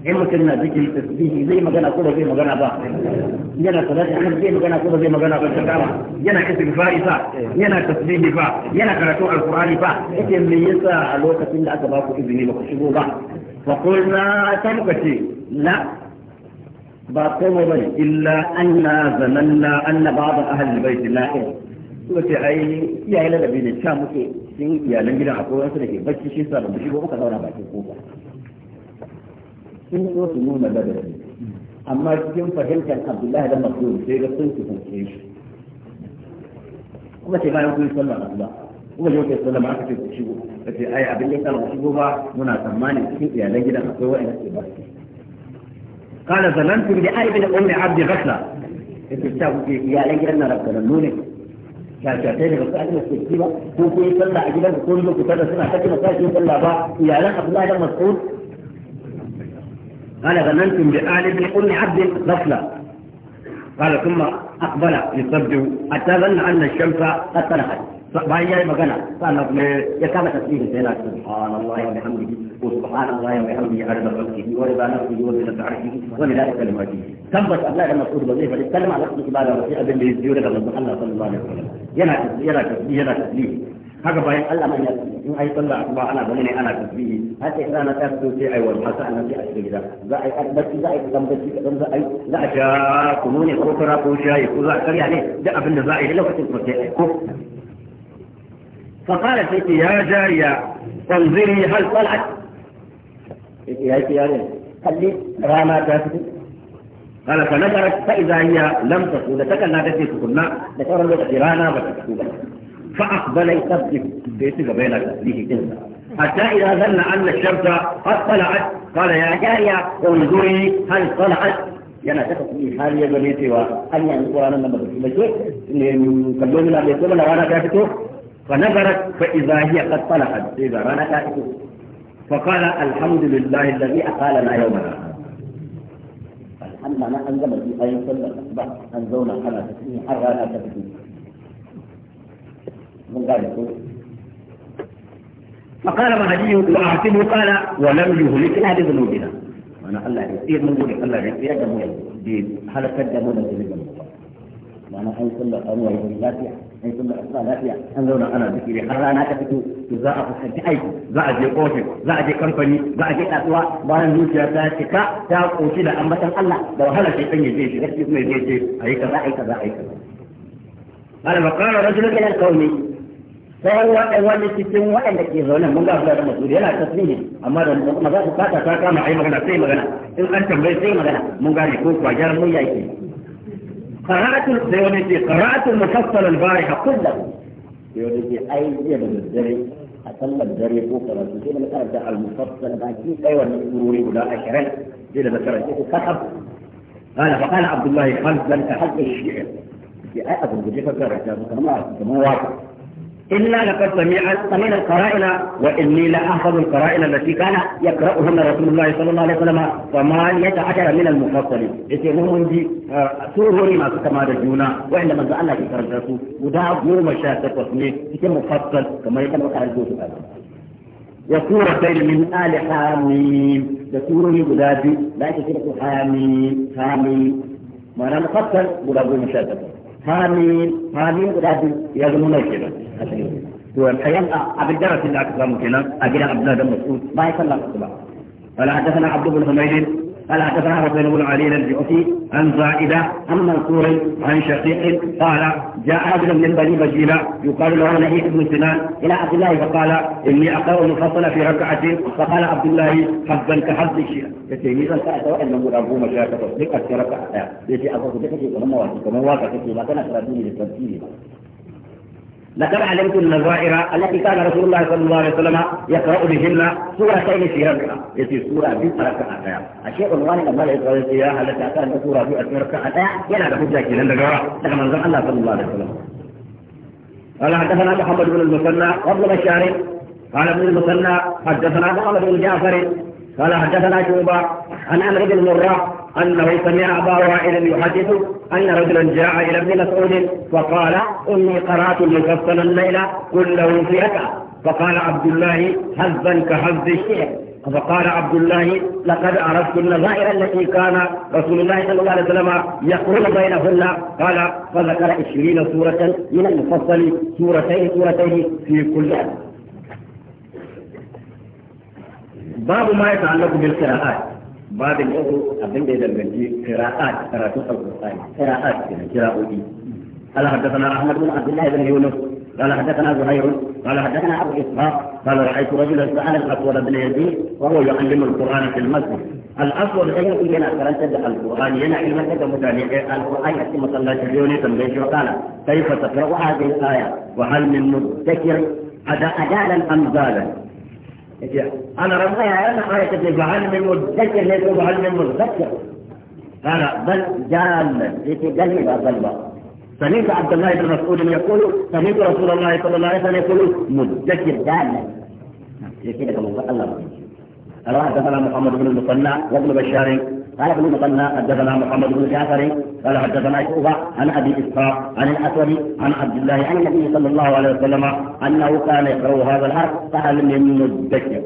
in mutum na zikiri tasbihi zai magana ko ba zai magana ba yana salati annabi zai magana ko ba zai magana ba ta dama yana istighfari fa yana tasbihi fa yana karatu alqur'ani fa yake me yasa a lokacin da aka ba ku izini ba ku shigo ba fa qulna tamkace la ba komai bane illa anna zananna anna ba'd ahli albayt la'in suka ce ai iyaye ladabi ne ta muke cikin iyalan gidan akwai wasu da ke bacci shi sa ba mu shigo muka zauna bakin kofa sun zo su nuna ladabi amma cikin fahimtar Abdullahi da Mas'ud sai ga sun su kunce shi kuma sai bayan kun sallar asuba kuma yau kai sallama aka ce ku shigo kace ai abin da ya sa shigo ba muna tsammanin cikin iyalan gidan akwai wa'anda ke bacci قال ظننت بدي ابن ام عبد عبدي غسلا يا لك إيه انا رب ظننوني كاتبين غسلا ابن السكتيبة هو في صلى عجبا كل يوم كتابة سنة حتى مساك يصلى باع يا لك ابن الله مسعود قال ظننت بدي ابن ام عبد غفلة قال ثم اقبل يصبه حتى ظن ان الشمس قد طلعت bayan yayi magana sannan kuma ya kama tasbihin sai yana subhanallahi wa bihamdihi wa subhanallahi wa bihamdihi adada khalqihi wa rida nafsihi wa zinata arshihi wa milada kalimatihi tabbata Allah da mas'ud ba zai faɗi kalma da kuma ibada ba sai abin da ya biyo daga manzon Allah sallallahu alaihi wasallam yana yana tasbih yana tasbih haka bayan Allah man ya in ai sallah asuba ana bane ne ana tasbih har sai rana ta fito sai ai wal hasa ana sai a cikin gida za a yi addaci za a yi zambaci kadan za a yi za a sha kunu ne ko fara ko shayi ko za a karya ne duk abin da za a yi lokacin ko sai ko فقالت لك يا جارية انظري هل طلعت يا جارية خلي راما تاخذ قال فنظرت فإذا هي لم تسود تكلنا تسير كنا لتورا لك رانا وتسود فأقبل يصدق بيت قبيلة به تنسى حتى إذا ظن أن الشمس قد طلعت قال يا جارية انظري هل طلعت yana saka kuɗi har ya gane cewa nan ba su ne kallon bai kuma rana ta fito فنظرت فإذا هي قد طلعت إذا رانت فقال الحمد لله الذي أقالنا يوم الحمد أما أنا أنزل في أي صلى الأصبح أنزلنا أنا تسمي حرى أنا تسمي من ذلك فقال مهدي وأعتبه قال ولم يهلكنا ذنوبنا أنا الله يسير من ذلك الله يسير دمه بهلكت دمه من ذلك أنا أنزل أنواع النافع ai tun da kasa lafiya an zauna ana zikiri har rana ta fito to za a fuskanci aiki za a je ofis za a je kamfani za a je kasuwa bayan zuciya ta cika ta koshi da ambatan Allah da wahala sai kan yaje shi gaskiya kuma yaje ayi kaza ayi kaza ayi kaza قال وقال رجل من القوم sai wani wani cikin waɗanda ke zaune mun ga da masu yana tasbihi amma da maza su fata ta kama ai magana sai magana in an tambaye sai magana mun gane ko kwa gyara mun yake قرأت السيونيتي قرأت المفصل البارحة كله سيونيتي أي جيب الزري أصلى الزري فوق رسول جيب أرجع المفصل باكي أيوة الضروري ولا أشرين جيب أرجع فقط قال فقال عبد الله خلف خلفا كحد الشعر في آية أبو الجيفة كما كما واقع إلا لقد سمعت سمعنا القرائن وإني لأحفظ القرائن التي كان يقرأهن رسول الله صلى الله عليه وسلم وما عشر من المفصل يتمون دي آه، سورة ما كما رجونا وإن من زعلنا في كرسو وداع يوم شاكت وسمي يتم مفصل كما يتم هذا وسورتين من آل حاميم وسورة قدابي لا يتكلم حاميم حاميم ما مفصل قدابي مشاكت حاميم حاميم قد يظنون كذا وحيان عبد الجرس اللي عبد الله مسعود ما يسلم ولا حدثنا عبد بن حميد قال حدثنا حسين بن علينا الجعفي عن زائدة عن منصور عن شقيق قال جاء رجل من بني بجيلة يقال له نهي بن سنان إلى عبد الله فقال إني أقرأ المفصل في ركعة فقال عبد الله حبا كحب الشيء يتيني سأتوا أن أبو مشاكة تصدق أشترك أحياء يتي أبو صدقك كما واقع كما واقع كما واقع كما واقع كما لقد علمت النظائر التي كان رسول الله صلى الله عليه وسلم يقرأ بهن سورتين في ركعة في سورة في ركعة الشيء الغالي لما يقرأ فيها التي أتى سورة في ركعة يلا بحجة كذا لكن من الله صلى الله عليه وسلم قال حدثنا محمد بن المثنى قبل بشار قال ابن المثنى حدثنا محمد بن جعفر قال حدثنا شعبة عن عمرو بن مره أنه سمع أبا وائل يحدث أن رجلا جاء إلى ابن مسعود وقال إني قرأت مفصلا الليلة كله في أتى فقال عبد الله هزا كهز الشيخ فقال عبد الله لقد عرفت النظائر التي كان رسول الله صلى الله عليه وسلم يقول بينهن قال فذكر عشرين سورة من المفصل سورتين سورتين في كل باب ما يتعلق بالقراءات باب yau abin da ya قراءات qira'at karatu قراءات qira'at kenan qira'o'i قال حدثنا احمد بن عبد الله بن يونس قال حدثنا زهير قال حدثنا ابو اسحاق قال رايت رجلا سال الاسود بن يزيد وهو يعلم القران في المسجد الاسود بن يزيد ينا كرنت القران ينا علما كذا مداني القران ياتي مصلى تبيوني تنبيه وقال كيف تقرا هذه الايه وهل من مدكر أداء أداء أم زالا أنا ربنا أنا قريت ابن بعلم مدكر ليس بعلم مذكر قال بل جامل جاما لتجلب ظلما سمعت عبد الله بن مسعود يقول سمعت رسول الله صلى الله عليه وسلم يقول مذكر جامل لكي لكم الله الله رأى محمد بن المصنع وابن بشار قال ابن مثنى حدثنا محمد بن جعفر قال حدثنا شعبة عن ابي اسحاق عن الاسود عن عبد الله عن النبي صلى الله عليه وسلم انه كان يقرا هذا الحرف فهل من مدكر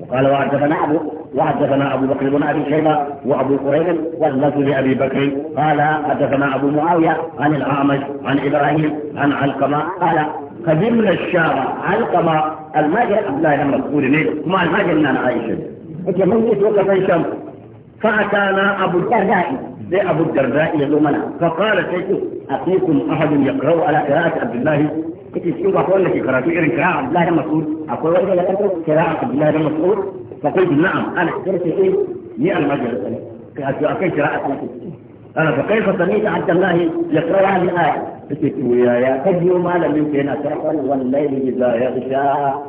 وقال وحدثنا ابو وحدثنا ابو بكر بن ابي شيبه وابو قريب واللفظ لابي بكر قال حدثنا ابو معاويه عن الاعمش عن ابراهيم عن علقمه قال قدمنا الشام علقمه الماجر عبد الله بن مسعود ما الماجر عن عائشه انت من يتوقف so فأتانا أبو الدرداء زي أبو الدرداء يزومنا فقال شيخ أخيكم أحد يقرأ على قراءة عبد الله كنت إيه تشوف أقول لك قراءة قراءة عبد الله المسعود أقول لك قراءة عبد الله المسعود فقلت نعم أنا قرأت إيه 100 المجلس أكيد قراءة أنا فكيف سميت عبد الله يقرأ هذه الآية suke to yaya ka biyo malamin ka yana tarqal wal layli idza yaghsha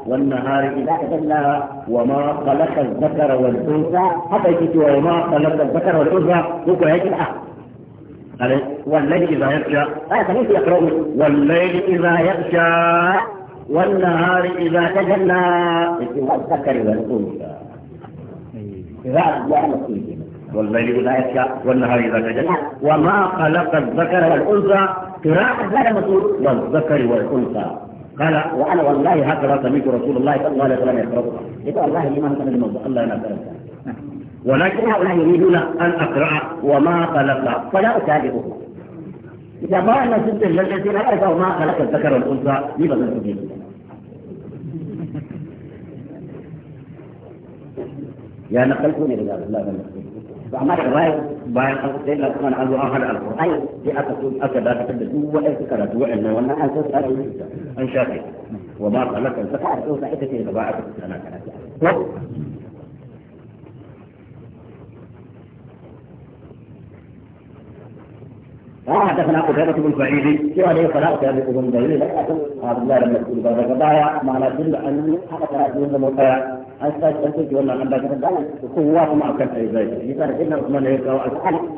wan nahari idza tadalla wa ma khalaqa adh-dhakara wal unsa haka yake to wa ma khalaqa adh-dhakara wal unsa ko ko yake a والليل إذا يغشى آية ثلاثة يقرأون والليل إذا يغشى والنهار إذا تجلى والذكر والأنثى إذا أصبح والليل إذا يغشى والنهار إذا تجلى وما خلق الذكر والأنثى صراع هذا مسؤول والذكر والانثى قال وانا والله هكذا سمعت رسول الله صلى الله عليه وسلم يقرأها يقول والله لما هكذا الموضوع الله لا ولكن هؤلاء يريدون ان اقرا وما خلق فلا أتابعه اذا ما انا سبت الذي لا اعرف وما خلق الذكر والانثى لما لم تجيب يا نقلتني لذلك لا بل فأما الرواية bayan an sai na kuma an zo an hada alqur'ani sai aka so aka dakatar da duk waɗansu karatu waɗannan wannan an san tsara yin ta an shafe wa ba ka lakan saka a tsauka ita ce gaba aka tsana karatu قال حدثنا قتيبة بن سعيد سوى لي فلا قتيبة بن سعيد لا أقول عبد الله بن مسعود قال ما لا دل أن حدثنا ابن مسعود السجد ولا من بعد ما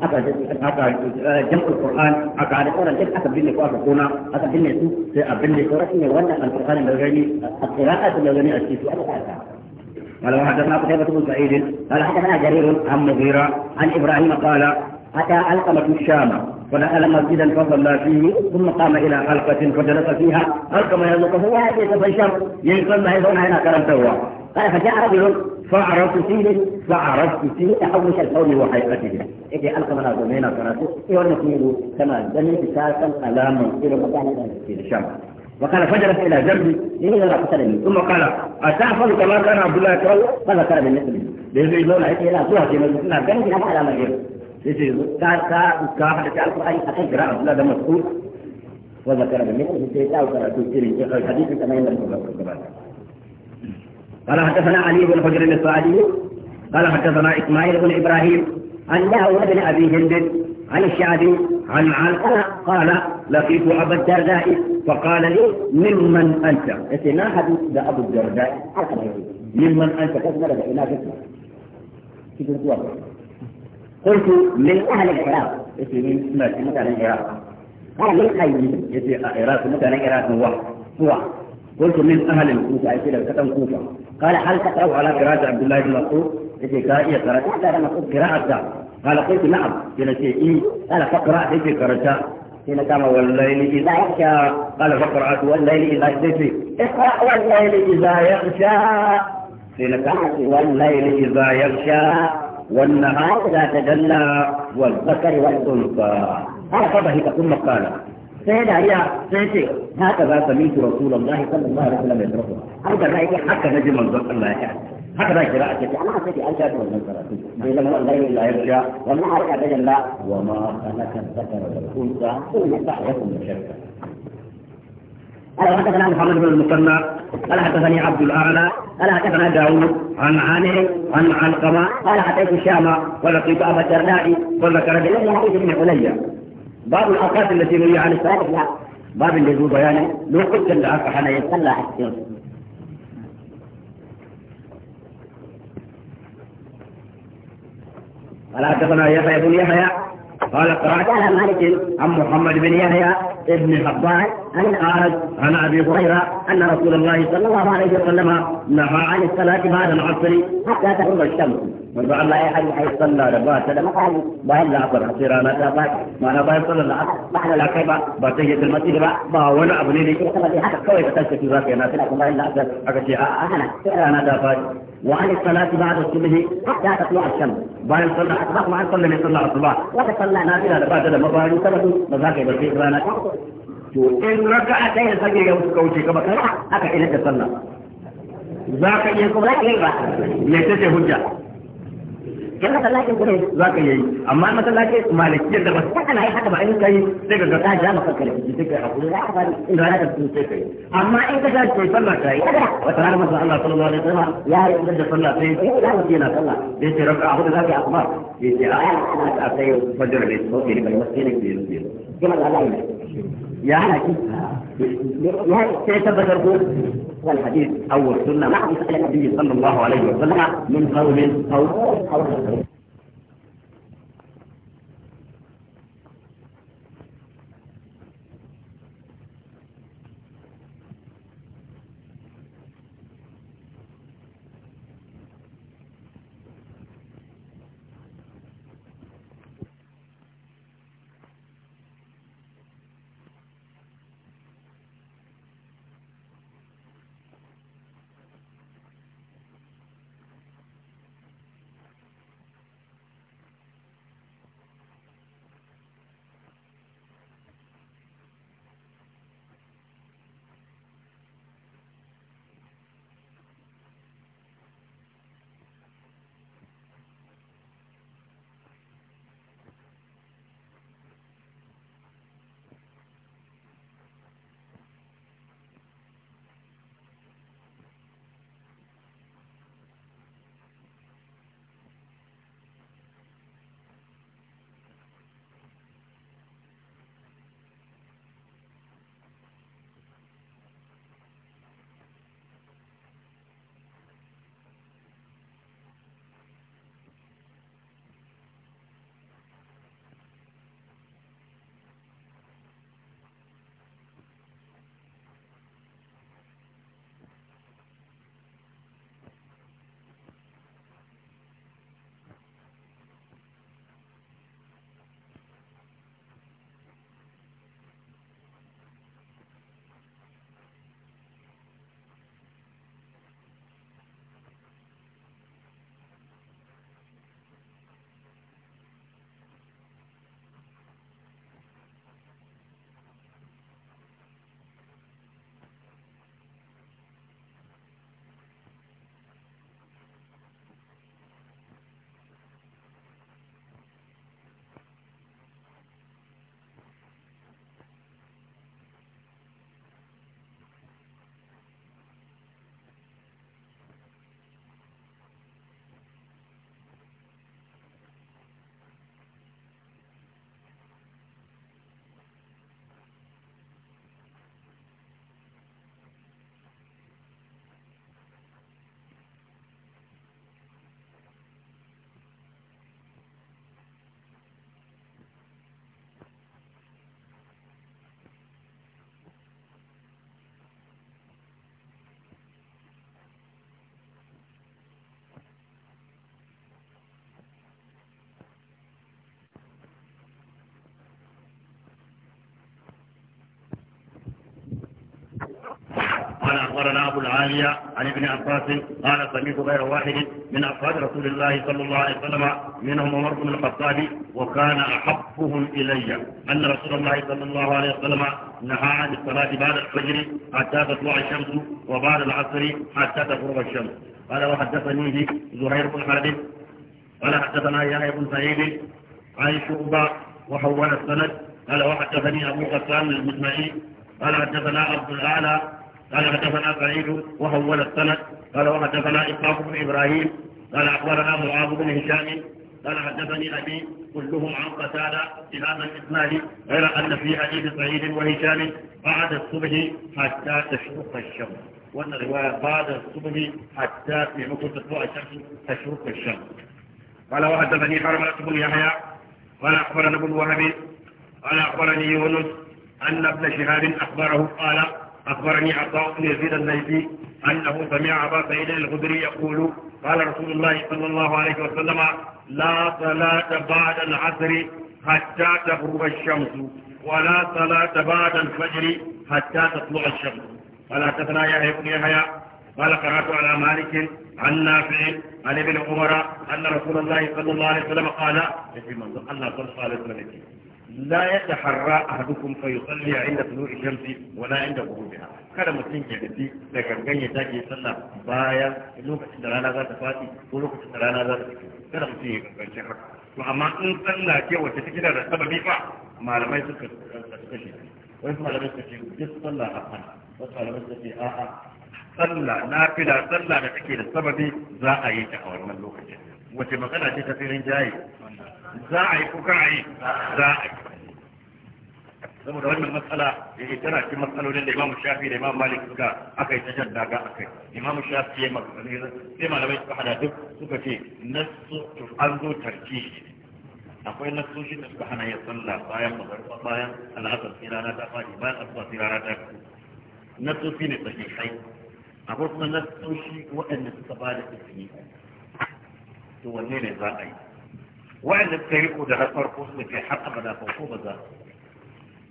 كان جمع القرآن أكاد قرآن جد أكاد بني قواه كونا أكاد بني سو سأبني قرآن وانا القرآن الغني القراءة الغني الشيء قال وحدثنا قتيبة بن سعيد قال حدثنا جرير عن مغيرة عن إبراهيم قال أتى علقمة الشام فدخل مسجدا فصلى فيه ثم قام إلى حلقة فجلس فيها علقمة يزقه وهذه تفشر ينقل ما يزون هنا كرمته قال فجاء رجل فعرفت فيه فعرفت فيه أحوش الكون وحقيقته إذا ألقى من أظمين فراسه ونسير كما زمن ساسا ألاما إلى مكان في الشام وقال فجرت إلى جنبي لماذا لا تسلمي ثم قال أتحفظ كما كان عبد الله يقول فذكر من مثله بيزيد لون عيسى لا زوها في مجلسنا جنبي هذا على مجلس يجي كان كان كان في القرآن أقرأ عبد الله ده وذكر من مثله سيتاو كراتو سيري الحديث كما ينبغي قال حدثنا علي بن حجر الصاعدي قال حدثنا اسماعيل بن ابراهيم عن داوود بن ابي هند عن الشعبي عن علقمة قال لقيت ابا الدرداء فقال لي ممن انت؟ اتنا حديث ده ابو الدرداء ممن انت الى قلت من اهل العراق اسمي مثلا العراق قال من اي؟ العراق مثلا العراق هو هو قلت من أهل الكوفة أي كتم كوفة قال هل تقرأ على قراءة عبد الله بن مسعود؟ إذا قراءة قراءة لا أنا اقول قراءة قال قلت نعم إلى شيء قال فقرأ في قراءه حين قام والليل إذا يغشى قال فقرأت والليل إذا يغشى اقرأ والليل إذا يغشى حين قام والليل إذا يغشى والنهار إذا تجلى والذكر والأنثى قال فضحك ثم قال sai dariya sai ce haka za ka miki rasulullahi sallallahu alaihi wasallam ya tsaro har da rai haka na ji manzon Allah ya ce haka za ki ra'a ce amma sai ki an ta wannan karatu bai zama Allah ya la yarda wannan har ka dajan la wa ma khalaqa dhakara wal unsa kullu ta'lamu musharka قال حدثنا محمد بن المثنى قال حدثني عبد الاعلى قال حدثنا داوود عن عامر عن علقمه قال اتيت الشام ولقيت ابا الدرداء وذكر بلاد حديث ابن عليا باب الأوقات التي روي عن الصلاة لا باب اللي هو بيانه لو قلت اللي أصبح أنا يصلى حتى قال حدثنا يحيى بن يحيى قال قرأت على مالك عن محمد بن يحيى ابن حبان عن الأعرج عن أبي هريرة أن رسول الله صلى الله عليه وسلم نهى عن الصلاة بعد العصر حتى تغرب الشمس manzo Allah ya hari ai sallah da ba ta da makali bayan la'asar sai rana ta ba ma'ana bayan sallar la'asar ba ana la kai ba ba ta yi masjid ba ba wani abu ne da yake kamar haka kawai ka tashi za ka yi nafila kuma bayan la'asar aka ce a'a ana sai rana ta ba wa an salati ba'da subhi hatta tatlu'a ash-shams bayan sallar asuba kuma an sallar ne sallar asuba wata sallah nafila da ba ta da mabari sabatu ba za ka yi ba sai rana ta to in raka'a ɗaya sai ya kauce ka ba kai aka ina da sallah za ka iya kuma za ka yi ba me take hujja yan masallacin gudun za ka yi amma masallacin maliki da ba ta ana yi haka ba in kai sai ka ga ja maka kare ki take a gurin ya ba in da ka tun sai kai amma in ka ta ce sallah ta yi wa ta harma Allah sallallahu alaihi wasallam ya yi da sallah sai ya yi yana sallah da ce raka'a hudu za ka yi akbar ya ce a ana ta sai fajr ne ko ne bai wasu ne ke yi ya hana ki تعتبر القول والحديث أو السنة مع مسألة النبي صلى الله عليه وسلم من قول أو أو أخبرنا أبو العالية عن ابن عباس قال سمعت غير واحد من أصحاب رسول الله صلى الله عليه وسلم منهم عمر بن الخطاب وكان أحبهم إلي أن رسول الله صلى الله عليه وسلم نهى عن الصلاة بعد الفجر حتى تطلع الشمس وبعد العصر حتى تغرب الشمس قال وحدثني زهير بن خالد قال حدثنا يحيى بن سعيد عن شعبة وحول السند قال وحدثني أبو غسان المسمعي قال حدثنا عبد الأعلى قال حدثنا سعيد وهول السند قال وحدثنا اسحاق بن ابراهيم قال اخبرنا معاذ بن هشام قال حدثني ابي كلهم عن قتاده هذا الاسناد غير ان في حديث سعيد وهشام بعد الصبح حتى تشرق الشمس وان الروايه بعد الصبح حتى في نقطه تطلع الشمس تشرق الشمس قال وحدثني حرمات بن يحيى قال اخبرنا ابو الوهبي قال اخبرني يونس ان ابن شهاب اخبره قال أخبرني عطاء بن يزيد الليثي أنه سمع أبا سعيد الخدري يقول قال رسول الله صلى الله عليه وسلم لا صلاة بعد العصر حتى تغرب الشمس ولا صلاة بعد الفجر حتى تطلع الشمس فلا تثنى يا ابن يحيى قال قرأت على مالك عن نافع عن ابن عمر أن رسول الله صلى الله عليه وسلم قال في إيه، منزل الله صلى الله عليه وسلم لا يتحرى أحدكم فيصلي عند طلوع الشمس ولا عند غروبها kada mutum ya tafi da gangan ya take sallah baya lokacin da rana za ta fati ko lokacin da rana za ta fito kada mutum ya ganganci haka to amma in sallah ce wacce take da sababi fa malamai suka kashe wai malamai suka ce duk sallah a kan wasu malamai suka ce a'a sallah na nafila sallah da take da sababi za a yi ta a wannan lokacin wace magana ce ta firin jayi za a yi kuka a yi za a yi saboda wannan matsala da eh, ke tana cikin matsalolin da imamu shafi da imamu malik suka aka yi tajar daga aka yi imamu shafi ya makamani eh, sai malamai suka hada duk suka ce nasu an zo tarki akwai shi da suka hana ya sallah bayan magarba bayan alhassan sai rana ta fadi bayan asuba sai rana ta fadi nasoshi ne sahihai akwai kuma shi waɗanda suka ba da Su to wanne ne za a yi wa'anda suka yi da na farko suka ke har abada farko ba za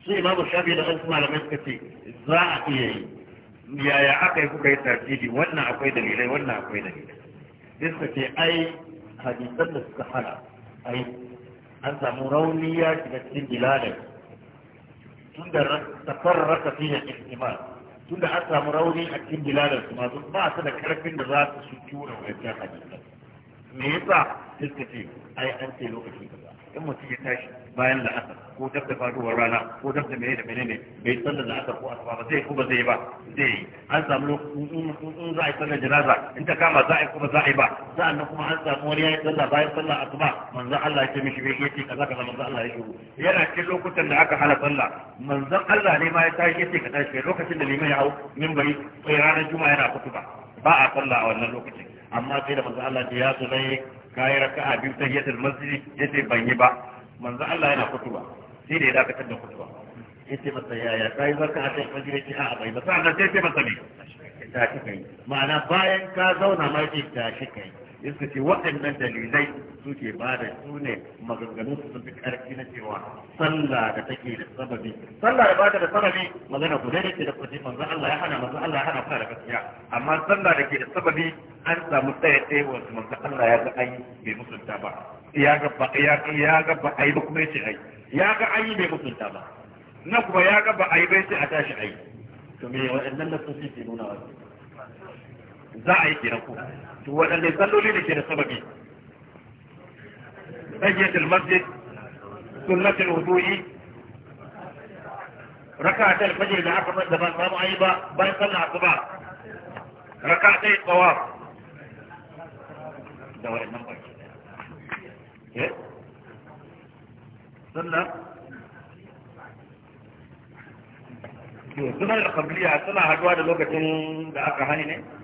su imamu shafi da wasu malamai suka ce za a iya yi yaya aka yi kuka yi tarjibi wannan akwai dalilai wannan akwai dalilai sai ce ai hadisan da suka hana ai an samu rauni ya shiga cikin bilalai tun da tafarraka fiye ihtimal tun da an samu rauni a cikin bilalai su ma ba su da karfin da za su tura wajen hadisan me yasa suka ce ai an ce lokaci kaza in mutum ya tashi bayan la'asar ko dab da faruwar rana ko dab da mene da menene bai da la'asar ko asuba ba zai ko ba zai ba zai yi an samu lokacin in za a yi sallar in ta kama za a yi ba za a yi ba sa'an nan kuma an samu wani ya yi sallah bayan sallar asuba manzo Allah ya ce mishi bai yace kaza kaza manzo Allah ya shiru yana cikin lokutan da aka hala sallah manzo Allah ne ma ya tashi yace ka shi lokacin da liman ya hau bari sai ranar juma'a yana kutuba ba a sallah a wannan lokacin amma sai da manzo Allah ya so dai kai raka'a biyu tahiyatul masjid yace ban yi ba manzo Allah yana kutuba sai da ya dakatar da kutuba yace masa yaya kai zaka a cikin masjid yace a'a bai ba sannan sai sai masa ne tashi kai ma'ana bayan ka zauna ma ta shi kai ya suka ce waɗannan dalilai suke ba da su ne maganganun su sun fi ƙarfi na cewa sallah da take da sababi sallah da bata da sababi magana ku dai ke da kuɗi manzo Allah ya hana manzo Allah ya hana fara gaskiya amma sallah da ke da sababi an samu tsaye tsaye wa manzo Allah ya ga ai bai mutunta ba ya ga ba ya ga ya ga ba ai ba kuma yace ai ya ga ai bai mutunta ba na kuma ya ga ba ai bai sai a tashi ai to me waɗannan lafazi ke nuna wa za a yi kenan ko to waɗanne salloli da ke da sababi tayyatul masjid sunnatul wudu'i al fajr da aka fada ba samu ayi ba bayan sallah asuba al tawaf da wannan ba eh sunna to sunan qabliya suna haduwa da lokacin da aka hani ne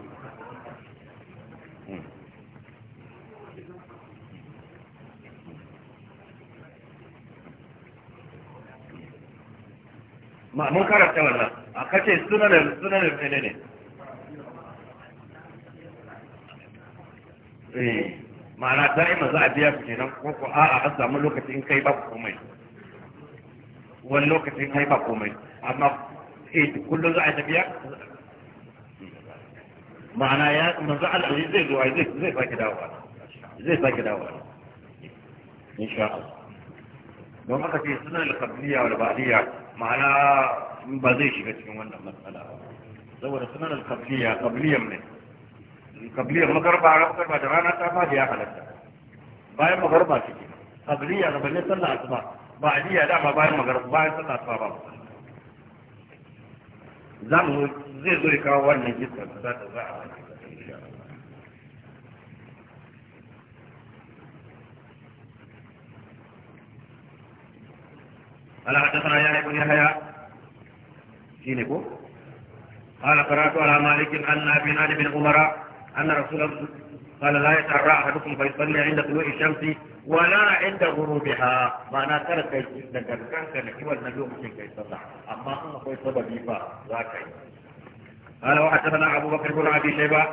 mun karanta wannan a kace sunanin sunanin fene ne eh ma'ana yi za a biya su kenan ko ko a'a an samu lokaci in kai ba komai wani lokaci in kai ba komai amma eh kullum za a tafiya ma'ana ya manzo Allah zai zo a zai zai sake dawowa zai sake dawowa insha Allah don haka ce sunan al-qabliya wal ba'diyya ma'ana ba zai shiga cikin wannan matsala saboda sunan al-qabliya ne qabliyan magarba ran magarba da rana ta fadi ya halatta bayan magarba take qabliya da bane sallah asuba ba adiya da ma bayan magarba bayan sallah asuba ba zamu zai zo ya kawo wannan kisa da za ta za a قال حدثنا يا ابن يحيى شينكو قال قرأت على مالك عن نافع بن عمر أن رسول الله قال لا يتعرى أحدكم فيصلي عند طلوع الشمس ولا عند غروبها معنى ترك ذكركان كان هو النجوم شيء يستطاع أما أنه فيصلي بيفا ذاك قال وحدثنا أبو بكر بن أبي شيبة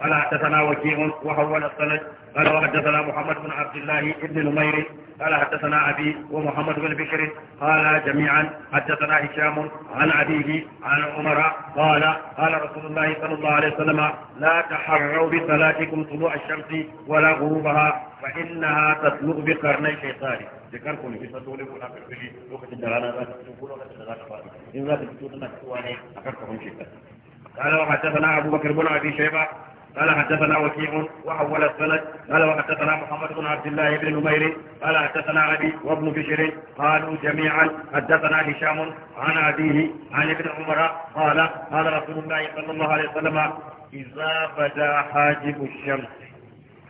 قال حدثنا وكيع وحول السند قال وحدثنا محمد بن عبد الله بن نمير قال حدثنا أبي ومحمد بن بشر قال جميعا حدثنا هشام عن أبيه عن عمر قال قال رسول الله صلى الله عليه وسلم لا تحروا بصلاتكم طلوع الشمس ولا غروبها فإنها تطلق بقرني شيطان ذكركم في ولا في وقت الدلالة تقولوا لا تقولوا قال وحدثنا أبو بكر بن أبي شيبة قال حدثنا وكيع وحول السند قال وحدثنا محمد بن عبد الله بن نمير قال حدثنا ابي وابن بشر قالوا جميعا حدثنا هشام عن ابيه عن ابن عمر قال قال رسول الله صلى الله عليه وسلم اذا بدا حاجب الشمس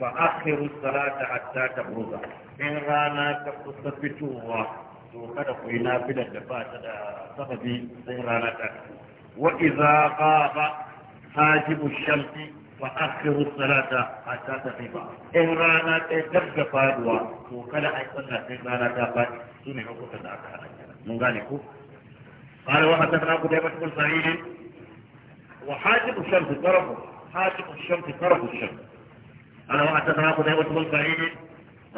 فاخروا الصلاه حتى تبرز ان رانا تفتوها to kada ku yi nafilar da ba ta da sababi sai فأخروا الصلاة حتى تقيبا إن رانا تدب فادوا وكلا أيضا رانا تفاد سنة حقوق من ذلك قال وحدثنا قتيبة بن سعيد وحاجب الشمس طرفه حاجب الشمس طرف الشمس قال وحدثنا قتيبة بن سعيد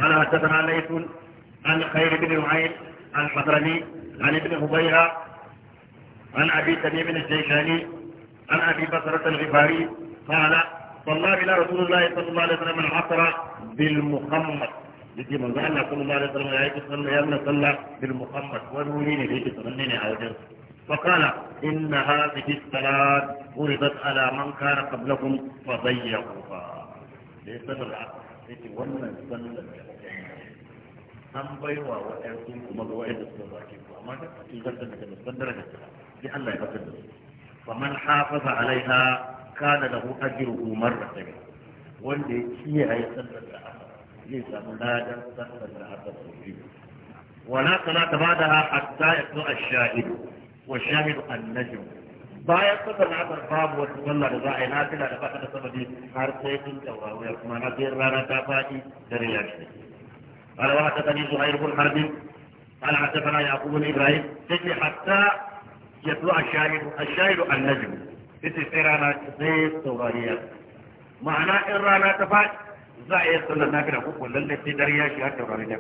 قال حدثنا ليث عن خير بن معين عن الحضرمي عن ابن هبيرة عن ابي تميم الجيشاني عن ابي بصرة الغفاري قال صلى الى رسول الله صلى الله عليه وسلم العصر بالمخمص لكي من قال صلى الله عليه وسلم يا صلى الله عليه وسلم بالمخمص ونوريني في تمنيني على جنب فقال ان هذه الصلاه فرضت على من كان قبلكم فضيقوها ليس بالعصر لكي ونن سنة أن بيوا وأنتم كما هو إذا استضاكي فما جاء إذا تنتهي فمن حافظ عليها كان له أجره مرتين وندي هي هي سنة ولا صلاة بعدها حتى يطلع الشاهد والشاهد النجم باية صلى هذا الباب وصلى لغاية لا تلا لبقى تصبدي هارتين تواوي أكمانا دير رانا تافاتي دريا شيء قال وحدة تني زهير بن حرب قال حدثنا يعقوب بن إبراهيم حتى يطلع الشاهد الشاهد النجم ita sai rana zai saurari ya ma'ana in rana ta faɗi za a iya sallar na ko ko lalle sai dare ya shiga taurari da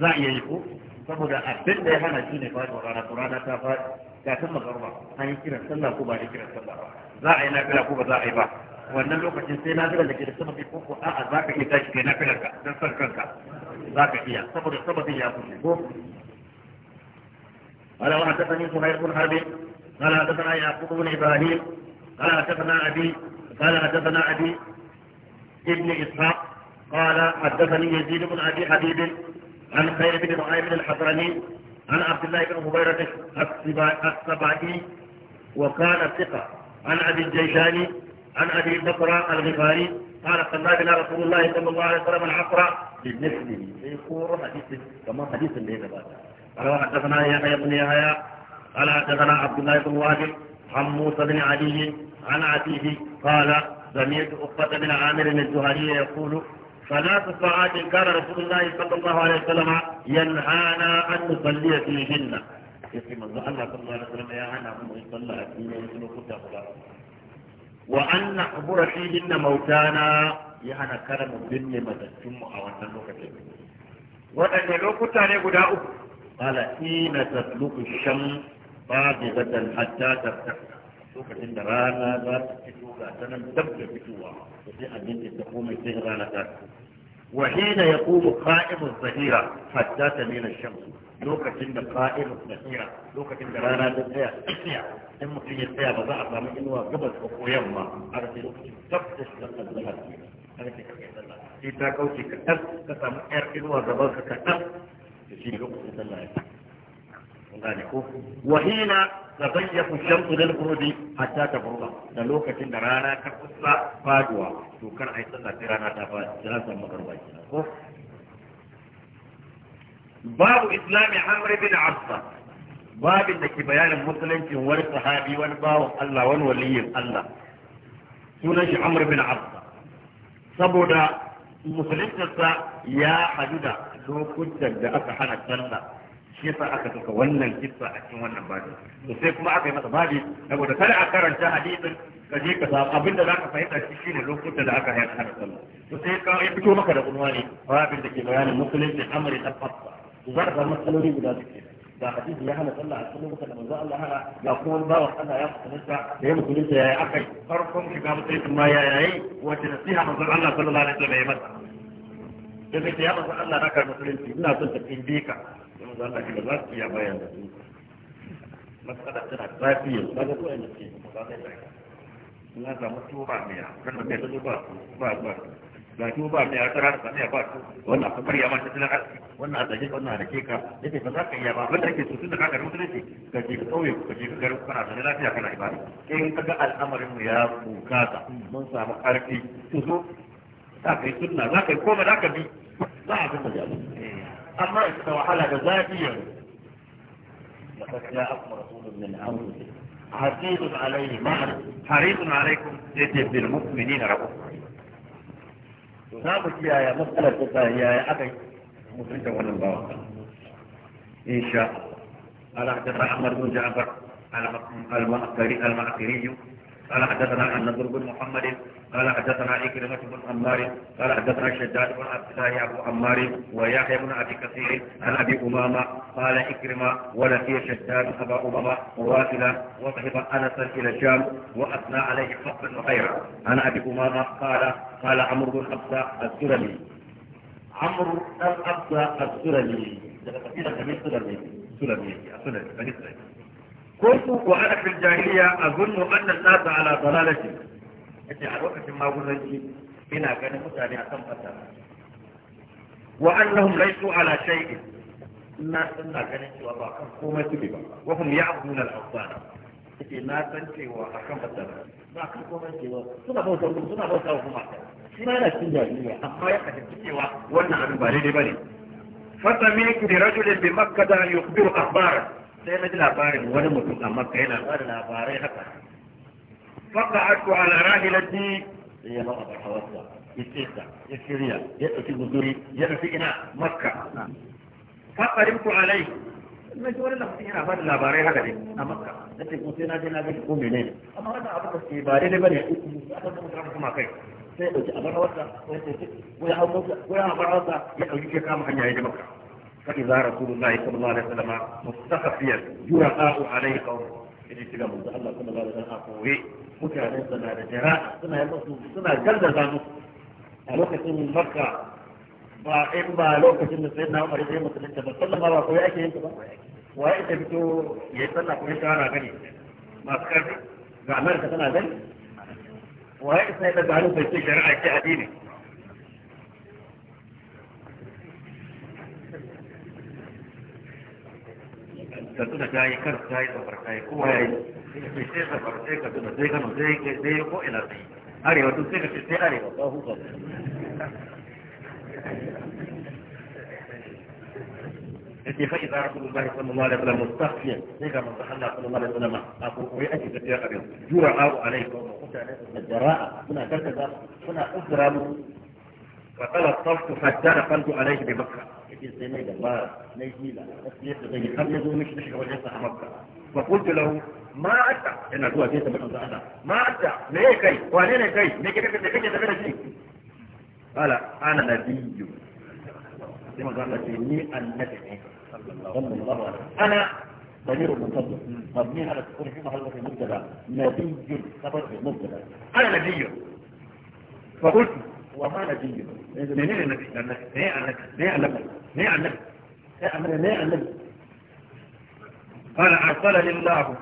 za a iya yi ko saboda abin da ya hana shi ne faɗi rana ko rana ta faɗi ga tun magarba an yi kiran sallah ko ba a kiran sallah ba za a yi nafila ko ba za a yi ba wannan lokacin sai na zira da ke da sababi ko ko a'a za ka iya tashi kai nafilar ka don san kanka za ka iya saboda sababin ya fi ko. قال وحدثني سهير بن harbe. قال حدثنا يعقوب بن إبراهيم قال حدثنا أبي قال حدثنا أبي ابن إسحاق قال حدثني يزيد بن أبي حبيب عن خير بن بن الحضرمي عن عبد الله بن هبيرة السبعي وكان ثقة عن أبي الجيشاني عن أبي بكر الغفاري قال صلى بنا رسول الله صلى الله عليه وسلم العصر بمثله يقول حديث كما حديث الليل بعد قال حدثنا يا بن يا قال حدثنا عبد الله بن واجب عن موسى بن علي عن عتيه قال سمعت عقبة بن عامر الزهري يقول ثلاث ساعات كان رسول الله صلى الله عليه وسلم ينهانا أن نصلي فيهن يسمى الله الله صلى الله عليه وسلم يا أنا أن صلى فيهن وأن نحضر فيهن موتانا يا hana كرم بن binne matattunmu a wannan وأن waɗanne قال حين guda الشمس قابضة حتى ترتفع لكن رانا لا تفتحوا لا تنم تبدا فتوها وفي ان انت تقوم فيه رانا وحين يقوم قائم الظهيره حتى تمين الشمس لوكا تند قائم الظهيرة لوكا تند رانا تبدا تسيع اما في الساعه بضع ما انوا قبل فوق يما على في لوكا تفتح لك الظهيره على في كتاب كتاب ار انوا قبل كتاب في لوكا تند gane ko wahina tabayyafu shamsu lil ghurubi hatta tabruda da lokacin da rana ta kusa faduwa to kar ai sallah sai rana ta fadi za san magarba ko babu islami amr bin abba babin da ke bayanin musuluncin wani sahabi wani bawan Allah wani waliyin Allah sunan shi amr bin abba saboda musuluncinsa ya hadu da lokutan da aka hana sallah shi yasa aka saka wannan kissa a cikin wannan babi to sai kuma aka yi masa babi saboda kada a karanta hadisin ka je ka samu abin da zaka fahimta shi shine lokutan da aka yi a sallah to sai ka ya fito maka da unwani babin da ke bayanin musulunci amri da fasa to za ka samu matsaloli guda suke da hadisi ya hana sallah a cikin lokacin da manzo Allah hana ga kuma wani bawan Allah ya musulunta da ya musulunci yayi akai farkon shiga musulunci ma ya yayi wace nasiha manzo Allah sallallahu alaihi wasallam ya masa da zai ya manzo Allah raka musulunci ina son ta tambaye ka kuma za ta ga za su iya bayan da su matsala tana zafi ba da kowa da ke ba da ya na samu tuba mai a kan da kai ba ba ba ga tuba mai a tsara da mai ba su wannan akwai bari ma tattalin arziki wannan a zage wannan da ke ka yake ba za ka iya ba wanda ake tutun da ka garin mutunci ka je ka kauye ka je ka garin kana da lafiya kana ibada in ka ga al'amarin mu ya bukata mun samu karfi to zo za ka yi sunna za ka yi koma za ka bi za a ga ka amma ya suka wahala da zafi yanzu لقد جاءكم رسول من أنفسكم حفيظ عليه معنى حريص عليكم يجب بالمؤمنين رؤوف zamu kiyaye matsalar da ta yaya aka mutunta wannan bawa insha Allah ala da Ahmad bin Ja'far al-Ma'qari al-Ma'qari قال حدثنا عن نضر بن محمد قال حدثنا إكرمة بن عمار قال حدثنا شداد بن عبد الله أبو عمار ويحيى بن أبي كثير عن أبي أمامة قال إكرمة ولقي شداد أبا أمامة وواصلة وصحب أنسا إلى الشام وأثنى عليه فقرا وخيرا عن أبي أمامة قال قال عمرو بن حفصة السلمي عمرو بن حفصة السلمي سلمي سلمي سلمي kuntu wa ana fil jahiliya azunnu anna an-nasa ala dalalati yace a lokacin maguzanci ina ganin mutane a kan fata wa annahum laysu ala shay'in na ina ganin cewa ba kan komai suke ba wa hum ya'budun al-awthana yace na san cewa a kan fata ba kan komai ba suna bauta suna bauta kuma shi ma yana cikin jahiliya amma ya fahimci cewa wannan abin ba daidai bane فسمعت برجل بمكة يخبر أخبارا sai na ji labarin wani mutum a makka yana wani labarai haka faka aku ala rahilati sai ya ma a hawarsa ya sa ya shirya ya tafi guzuri ya tafi ina makka faka rinku alai na ji wani lafi yana bada labarai haka ne a makka na ce kuma sai na je na gani ko menene amma wannan abu da ke ba daidai bane a kan mutum kuma kai sai ya ɗauki a bar hawarsa ko ya hau ko ya hau bar hawarsa ya ɗauki ke kama hanya ya ji makka فإذا رسول الله صلى الله عليه وسلم مستخفيا جرأة عليه قوم إذا صلى الله عليه وسلم أقوه سنة جراء سنة يلصم سنة جلد زانوس ألوك سنة مكة بإبا إيه، ألوك سنة سيدنا عمر إذا يمت لنتبه صلى الله عليه وسلم أقوه أكي وأنت بتو يسنة قوه شعر أغني ما تكرر جعمال سنة ذلك وأنت سيدنا جعلو بيسي جراء أكي أديني ka tuna ta yi kar ta yi tsafar ta yi kowa ya yi sai tsafar sai ka tuna sai kano sai sai ko ina sai arewa tun sai ka ce sai arewa ba hukum yake sallallahu alaihi wasallam mustafiyan sai ga manzo sallallahu alaihi wasallam a kokori ake tafiya a jura abu alaikum mutane da jara'a kuna karkaza kuna uzra mu fa qala saftu hatta qaltu alaihi bi makkah فقلت له ما أدع إن أقول كيف من أنا ما أدع ليه كي وأنا كي ليه كده كده كده كده قال أنا نبي كما قال لي النبي صلى الله عليه وسلم أنا ضمير المنتظر مبني على السكون في محل المبتدا نبي خبر المبتدا أنا نبي فقلت وما نبي منين النبي لأنك ما يعلمك ما يعلمك قال أرسلني الله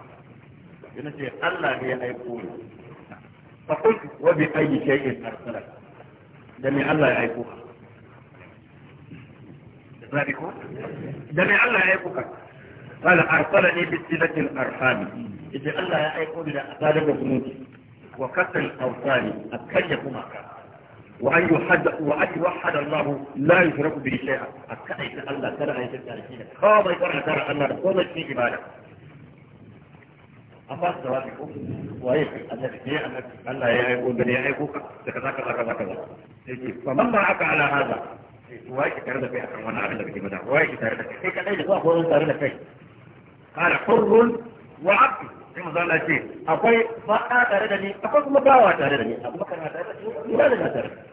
بنتي ألا هي أيقول فقلت وبأي شيء أرسلك دمي الله يعيقوها دمي الله يعيقوك قال أرسلني بسلة الأرحام إذا الله يعيقوني لأسالك بنوتي وكسر الأوصال أكل يكون وأن يحد وأن يوحد الله لا يشرك به شيئا أكيد الله ترى أي ترى خاض ترى ترى أن كل شيء أما سوابكم وإيه أنك أنك الله يعيبون بني يعيبوك تكذاك كذا فمن معك على هذا وايك ترى في أكرم أنا أعلم بك مدى وايك ترى في كذلك وأخوه ترى في قال حر وعبد sai mu zana ce akwai faɗa tare da ni akwai kuma bawa tare da ni abu bakar na tare da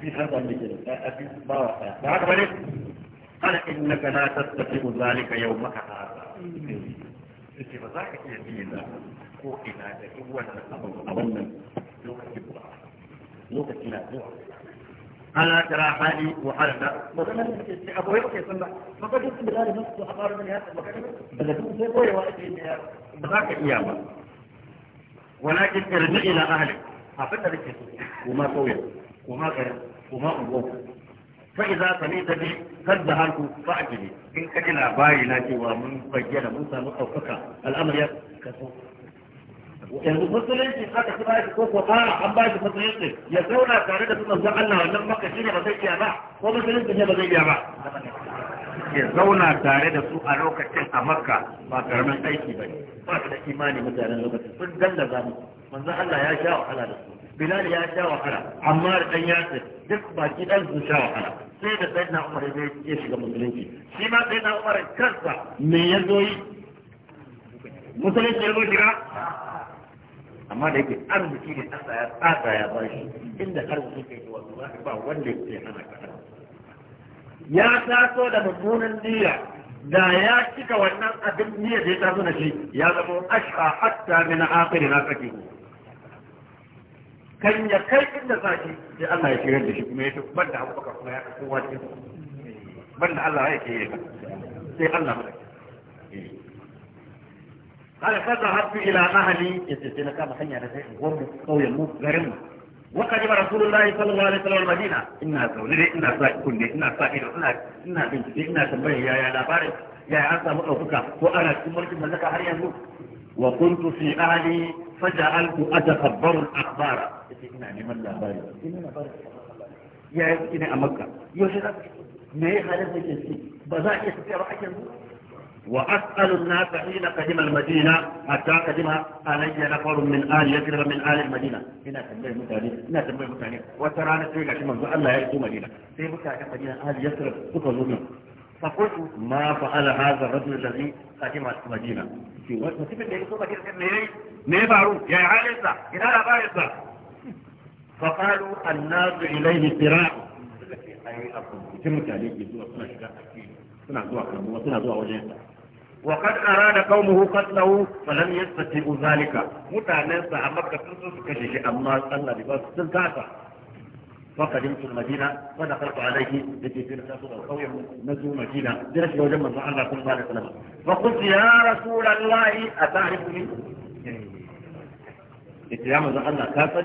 في هذا المثل أبي بارك بعد ذلك قال إنك لا تستطيع ذلك يومك هذا إنت بذاك يا ko ina da duk wannan abin a wannan lokacin ba lokacin ألا ترى حالي وحالنا مثلا أبو هيك يسمى فقد يمكن بلاد نفسه أقارب من هذا المكان بل يكون في قوي ولكن ارجع إلى أهلك أفتح لك وما قوي وما غيره وما أبوه فإذا سميت به فالزهارك فأجلي إن كجل أباي ناتي ومن فجل موسى مؤفكا الأمر يكسو وإن المسلمين في خاتة سباية كوف وطارة عن باية المسلمين يسونا كاردة المسلمين أن لم مكشين بزيك يا باع ومسلمين بزيك يا باع ومسلمين بزيك يا باع يزونا تاري da su a lokacin a makka ba karamin aiki ba ne ba su da imani mutanen lokacin sun danda zamu manzo Allah ya sha wahala da su bilal ya sha wahala amma da dan yasir duk baki dan sun sha wahala sai da sayyidina umar ya shiga musulunci shi ma sayyidina umar kansa me ya zo yi musulunci ya zo shiga amma da yake arziki ne ta ya tsada ya ba shi inda arziki ke zuwa wallahi ba wanda ke hana ka ya taso da mummunan niyya da ya cika wannan abin niyya da ya taso na shi ya zama ashqa hatta min akhir nafatihi kan ya kai inda za shi sai Allah ya shirar da shi kuma ya ce ban da abubakar kuma ya ka kowa ce ban da Allah ya ke yi sai Allah mai قال فذهبت الى اهلي يتسنى كما حنيا انا زي غرب قوي مو غرم وقدم رسول الله صلى الله عليه وسلم المدينه ان زولي ان ساكي كل ان ساكي ان ان بنتي ان تنبيه يا يا لاباري يا يا اسا مدوكا ko ana cikin mulkin mallaka har yanzu وكنت في اهلي فجعلت اتخبر الاخبار ce ya a وأسأل الناس حين قدم المدينة حتى قدم علي نفر من آل يثرب من آل المدينة هنا تنبيه متاني هنا تنبيه متاني وترانا سيغا شمال الله يأتي مدينة في متاكا مدينة آل يثرب تفضلون فقلت ما فعل هذا الرجل الذي قدم المدينة في وقت مسيب اللي يقول مدينة ما يفعلون يا عالي إذا لا بارسة فقالوا الناس إليه سراع وقد أراد قومه قتله فلم يستطيعوا ذلك متعنسة عمك تنسوس كشيش أما صلى بباس سلطاتا فقدمت المدينة فدخلت عليه التي في القوية نزلوا مدينة درش وجمع الله صلى الله عليه وسلم فقلت يا رسول الله أتعرفني؟ إتيام الله كافر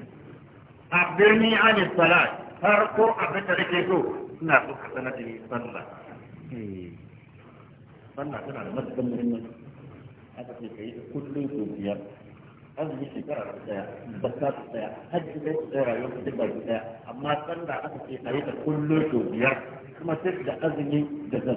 أخبرني عن الصلاة فاركو أبدا لكيسو سنة سنة صلى صلى سنة مسجد مهمة هذا في كيس كل يوم azumi shekara ta daya zakka ta daya hajji ta daya rayuwar ta duk ta daya amma sallah aka ce a yi ta kullum to biyar kuma sai azumi da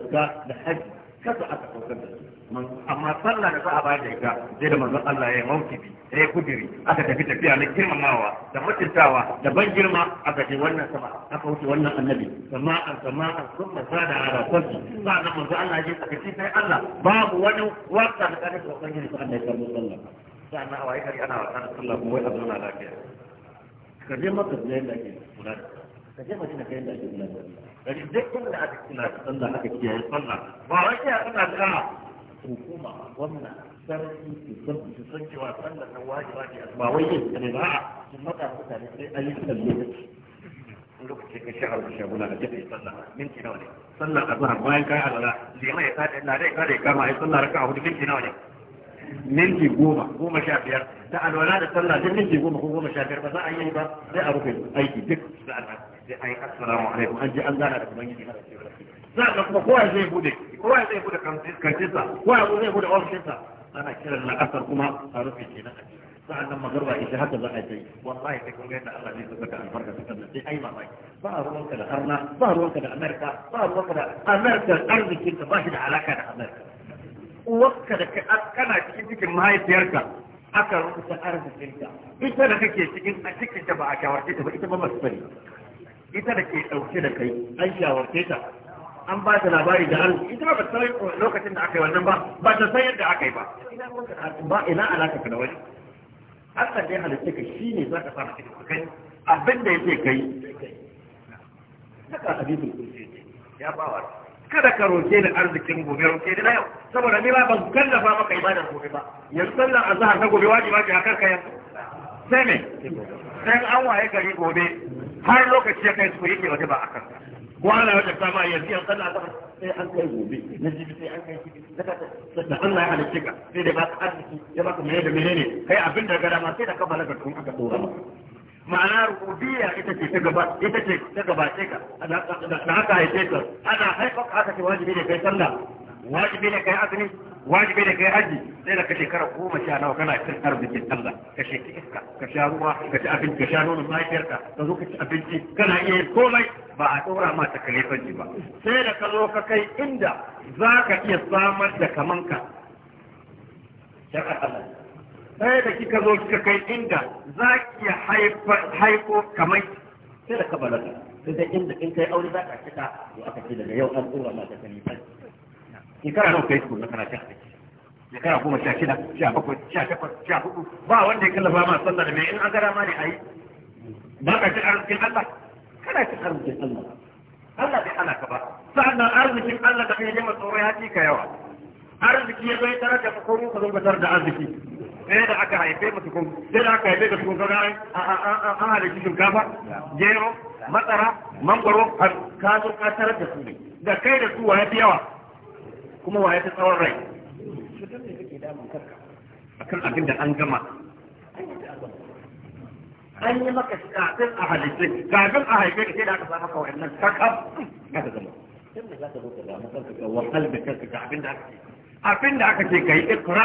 da hajji kasa aka saukar da amma sallah da za a bayar da ita sai da manzon Allah ya yi bi. ya yi kudiri aka tafi tafiya na girmamawa da mutuntawa da ban girma a gaji wannan sama aka wuce wannan annabi sama an sama an sun masa da ala a sa'an manzon Allah ya aka ce sai Allah babu wani wata da kare da ubangiji sa Allah ya karbo sallah a wayi kari ana sallah kuma wai a zauna lafiya ka je maka ka je da duk inda aka kina da sallah aka kiyaye sallah ba wai sai a da hukuma gwamna sarki su san su san cewa sallar nan wajiba ne ba wai yin ne ba a sun maka mutane sai ayyukan lokaci lokaci ka sha abu sha guna a jefe sallah minti nawa ne sallar azhar bayan kai alala lima ya kada na dai kada ya kama ai sallar raka'a hudu minti nawa ne minti goma goma sha biyar da alwala da sallah duk minti goma ko goma sha biyar ba za a yi ba sai a rufe aiki duk da al'ada sai an yi assalamu alaikum an ji an gana da ubangiji na da za ka kuma kowa zai bude kowa zai bude kantinsa kowa zai bude ofishinsa ana kiran la'asar kuma a rufe kenan a cikin sa'an nan magarba ita haka za a yi wallahi sai kun ga yadda Allah zai saka albarka cikin nan sai ai mamaki ba ruwanka da arna ba ruwanka da amerika ba ruwanka da amerika arzikin ka ba shi da alaka da amerika uwarka da kana cikin cikin mahaifiyarka aka rubuta arzikin ka ita da kake cikin a cikin ta ba a shawarce ta ba ita ba masu bari ita da ke dauke da kai an shawarce ta an ba ta labari da Allah ita ba ta lokacin da aka yi wannan ba ba ta san yadda aka yi ba ba ina alaka ka da wani Allah dai halitta ka shine zaka fara maka kai abin da yake kai haka hadisin ya ba wa kada ka roke ni arzikin gobe roke ni na yau saboda ni ba ban kallafa maka ibadar gobe ba yanzu sallar azhar na gobe wajiba ce a karka yanzu sai ne sai an waye gari gobe har lokaci ya kai su yake waje ba a karka? وانا وجبت ما يزيد قال sai an kai gobe na jibi sai an kai ciki da Allah ya halicce ka sai da baka arziki ya baka mene da menene kai abin da gara ma sai da ka balaga tun aka dora maka ma'ana rububiyya ita ce ta gaba ita ce ta gabace ka da haka haife ka ana haifar ka aka ce wajibi ne kai sallah wajibi ne kai azumi wajibi da kai haji sai da ka shekara goma sha nawa kana cin arzikin Allah ka sheki iska ka sha ruwa ka ci abinci ka sha nono mahaifiyarka ka zo ka ci abinci kana iya komai ba a tsora ma ta kalifanci ba sai da ka zo ka kai inda za ka iya samar da kamanka shakar Allah sai da kika zo kika kai inda za ki haiko kamai sai da ka balaga sai da inda in kai aure za ka cika to aka ce daga yau an tsora ma ta kalifanci shekara nawa kai tukuna kana ta shekara goma sha shida sha bakwai sha takwas sha hudu ba wanda ya kallafa ma sallar mai in an gara ma ne a yi ba ka ci arzikin Allah kana ci arzikin Allah Allah bai ana ka ba nan arzikin Allah da kai jama tsoro ya ci ka yawa arziki ya bai tare da kokorin ka zubatar da arziki sai da aka haife mu tukun sai da aka haife ka tukun ka a an halitta shinkafa gero matsara mangoro ka zo ka tarar da su ne da kai da su wa ya fi yawa kuma waye ta tsawon rai a kan abin da an gama an yi maka kafin a halittu kafin a haife ka da aka sa maka wa'annan kakaf ka zama yadda za ka zo kanka da aka ce abin ka yi ikra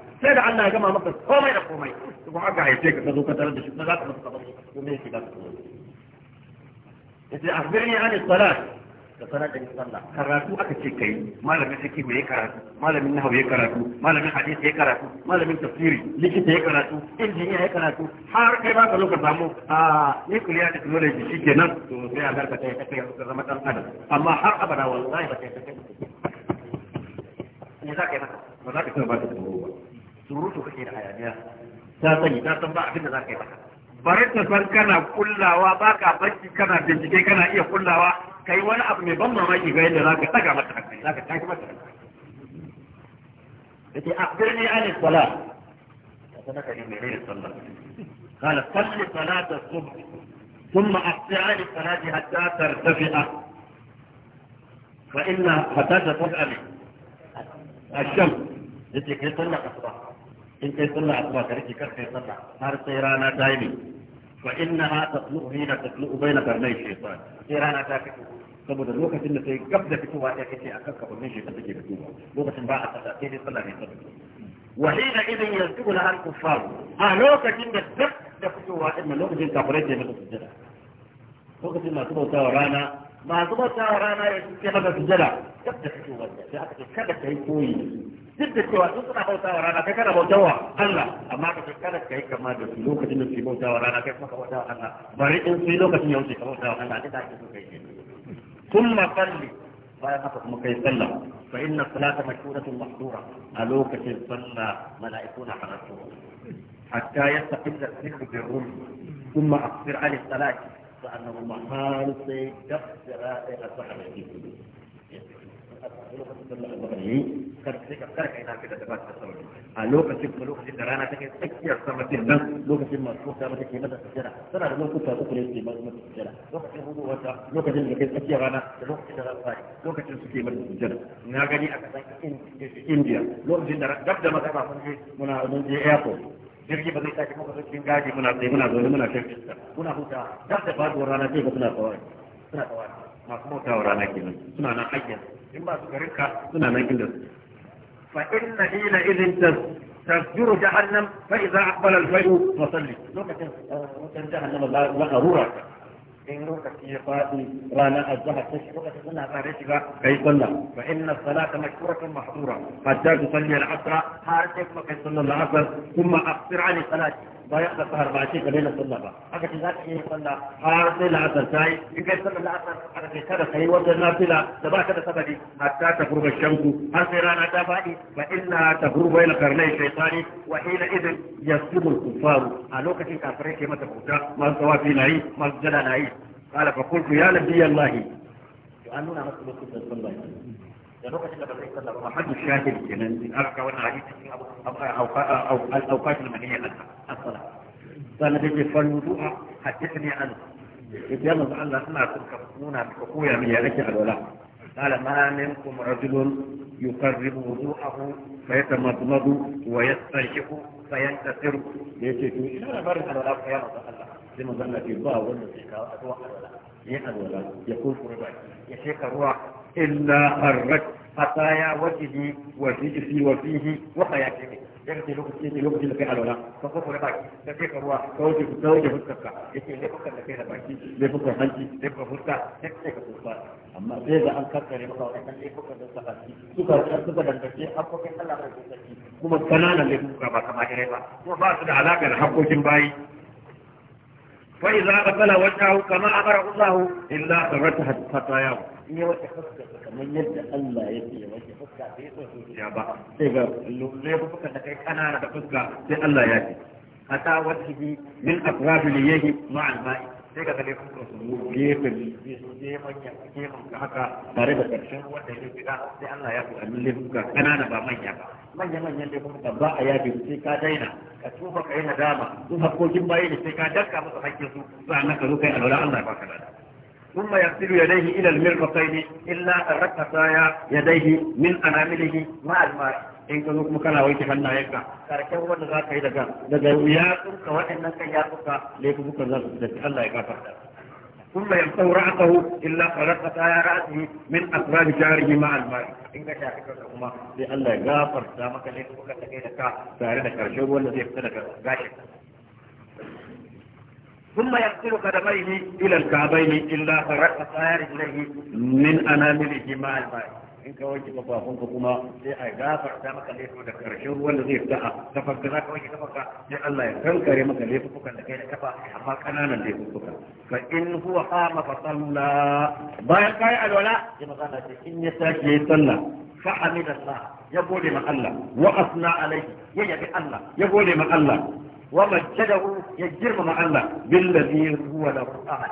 sai da Allah ya gama maka komai da komai to kuma aka haife ka ka zo ka tarar da shi na za ka masa kamar shi ko me yake da su yace akhbirni an salat da salat da sallah karatu aka ce kai malamin fiqh ya karatu malamin nahwu ya karatu malamin hadisi ya karatu malamin tafsiri likita ya karatu injiniya ya karatu har kai ba ka zo ka samu a da kuma nuclear technology shikenan to sai a garka ta kai ka zama dan adam amma har abada wallahi ba ta kai kai ne za ka yi ba za ka ba ta tsoro ba surutu kake da hayaniya ta sani ta san ba abin da za ka yi ba bari ta san kana kullawa ba ka barci kana bincike kana iya kullawa kai wani abu mai ban mamaki ga yadda za ka daga mata hankali za ka tashi mata hankali yace akhbirni an salat ta sanaka ne menene sallah قال صل صلاة الصبح ثم أقطع عن الصلاة حتى ترتفع فإن حتى تطلع الشمس التي كي صلى الصبح إن تطلع أقوات ركي كرك يطلع صار سيرانا دائمي وإنها تطلع هنا تطلع بين برني الشيطان سيرانا تاكت سبب الروكة إن في قبل في كواتي كتي أكبر برني الشيطان تجي بكوة لوكة باعة تأتيني صلى الله عليه وحين إذن يزدق لها الكفار أهلوكة إن الزق تفتوها إن لوكة إن كفريت يمت في الجنة لوكة إن ما تبو تاورانا ما تبو تاورانا يسكي هذا في الجنة تبدأ في كواتي أكبر كبتة يكوين duk da cewa sun suna bauta wa rana kai kana bauta wa Allah amma ka kada ka yi kama da su lokacin da su bauta wa rana kai kuma ka bauta wa Allah bari in su lokacin ya wuce ka bauta wa Allah duk da ake so kai ثم صلي bayan haka kuma kai sallah fa inna salata mashhuratun mahdura a lokacin sallah mala'iku na halartu hatta yastaqilla sirru bi rum thumma aqsir ala salati fa annahu mahal sai dabsira ila sahbihi ka a lokacin ko lokacin da rana take tsakiyar sama din nan lokacin masu ta mata ke mata sujjada tana da lokuta uku ne ke mata sujjada lokacin hudu wata lokacin da kai tsakiyar rana da lokacin da rana lokacin suke mata sujjada na gani a kasan India lokacin da gab da magana kun je muna mun je airport jirgi ba zai tashi muka cikin gaji muna tsaye muna zaune muna shan muna huta da faduwar rana sai ga suna tsawari suna tsawari masu mutawa rana kenan suna nan ayyan in ba su garin ka suna nan inda su fa inna ila idin tas tasjuru jahannam fa idza aqbala al-fayl fa salli lokacin wutar jahannam la garura in lokaci ya faɗi ranar azhar ta shi lokacin suna tare shiga kai sallah fa inna salata mashkuratun mahdura hatta tusalli al-asra har sai kuma kai sallar al-asr kuma aqsir 'ani salati bayan da sahar ba ce ka daina ba aka ce za ka iya sallah har sai la'asar ta yi in kai sallah la'asar aka ce kada ka yi wajen nafila da ba ka da sabari hatta ta furba shanku har sai rana ta faɗi ba inna ta gurba yana karnai shaitani wa hina idin yasjudul kufaru a lokacin kafirai ke mata bauta masu tawafi na yi masu jada na yi قال فقلت يا نبي الله an nuna da mutuntar sallah محل الشاهد من الأركة والعجيب أو الأوقات المنية الصلاة فأنا بيجي فالوضوء حدثني عنه إذ يمض أن أسمعكم كفتمونا بحقويا من يلجع الولاء قال ما منكم رجل يقرب وضوءه فيتمضمض ويستنشق فينتصر ليش يقول إذا أنا بارد الولاء في يمض الله في الله ولا في الشكاوات هو يقول فرباك يشيك الروح إلا حرك خطايا وجهه وفيه وفيه وحياته yanke lokaci yake lokacin da kai alwala ko ko da baki da kai ruwa ka wuce ka wuce fuskarka yake ne fuskar da kai da baki ne fuskar hanci ne fuskar fuska ne kai ka fuska amma sai da an kakkare maka wannan ne fuskar da saka ki suka suka dangace hakokin Allah da saki kuma kananan ne fuska ba kamar dare ba kuma ba su da alaka da hakokin bayi فإذا غسل وجهه كما أمره الله إلا فرته خطاياه ya wace fuska kamar yadda Allah ya ce ya wace fuska sai so zuciya ba sai ga lullai fuska da kai kanana da fuska sai Allah ya ce ata wajhihi min afrad liyahi ma al ma'i sai ka kalle fuska su gefe gefen ya gefen ka haka tare da karshen wanda ya fita sai Allah ya ce a lullai fuska kanana ba manya ba manya manyan dai fuska ba a yaji sai ka daina ka tufa kai nadama su hakkokin bayi ne sai ka dakka musu hakkin su sa'annan ka zo kai alwala Allah ya baka da. ثم يغسل يديه الى المرفقين الا ترك خطايا يديه من انامله مع الماء ان كنت مكنا ويت فنا يكا كركو ود غا كاي دغا دغا يا كو كو يا كو ليك بو كذا الله يكا ثم يغسل رأسه الا ترك خطايا راسه من اسباب شعره مع الماء ان كان يا كو لله يغفر دامك ليك بو كذا كاي دكا دار دكا شو ود ثم يغسل قدميه إلى الكعبين إلا فرق صار إليه من أنامله مع الماء in ka wanke kafafunka kuma sai a gafarta maka laifin da karshen ruwan da zai fita a kafar da zaka wanke kafarka sai Allah ya kankare maka laifukan da kai da kafa amma kananan laifuka fa in huwa qama fa salla bayan kai alwala sai magana ce in ya sake yayi sallah fa hamidallah ya gode ma Allah wa asna alayhi ya yabi Allah ya gode ma Allah ومجده يجرم مع الله بالذي هو له أحد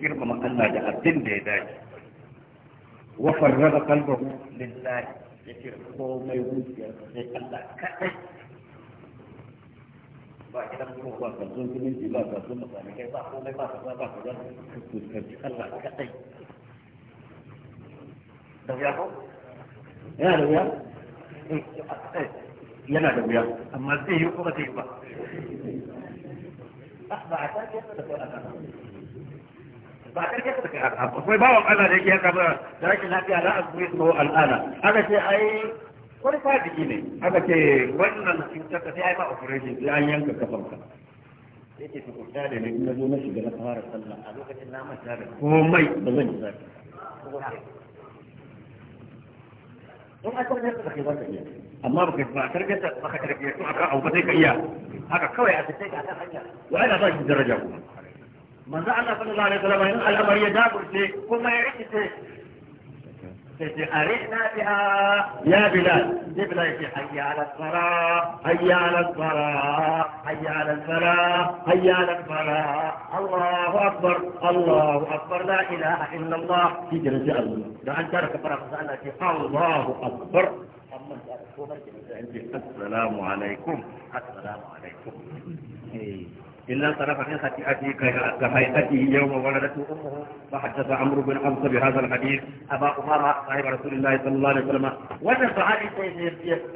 يجرم مع الله جعبتين بيداج وفرغ قلبه لله يجرم قوم يقول يا الله كأي ba gidan kuma ba ka zo gidan ji ba ka zo masalikai ba komai ba ka za ba ka za ka fuskanci Allah kaɗai. Da wuya ko? Yana da wuya? Eh, a kaɗai. yana da wuya amma zai yi kuma zai ba ba a tarke da ba a tarke da akwai bawan Allah da yake kama da rashin lafiya la azmi ko al'ana aka ce ai wani fadiki ne aka ce wannan cutar ka sai ai ba operation sai an yanka kafan ka. yake ta kuta da ne na zo na shiga na fara sallah a lokacin na manta da komai ba zan yi zafi in aka ne ka ke ba ka iya amma baka ba tarbiyyar baka tarbiyyar su akan abu ba sai ka iya haka kawai a sai ka hanya wa ina ba shi daraja kuma manzo Allah sallallahu alaihi wasallam in al'amari ya daburce kuma ya rikice أرئنا بها يا بلال يا بلال حي على الصلاة حي على الصلاة حي على الفلاح حي على الفلاح الله أكبر الله أكبر لا إله إلا الله في جل جلاله لأن ترك فرق سألك الله أكبر السلام عليكم السلام عليكم إيه. إلا طرف من خطيئته كفايته يوم ولدته أمه فحدث عمرو بن حمص بهذا الحديث أبا أمامة صاحب رسول الله صلى الله عليه وسلم وجد صحابي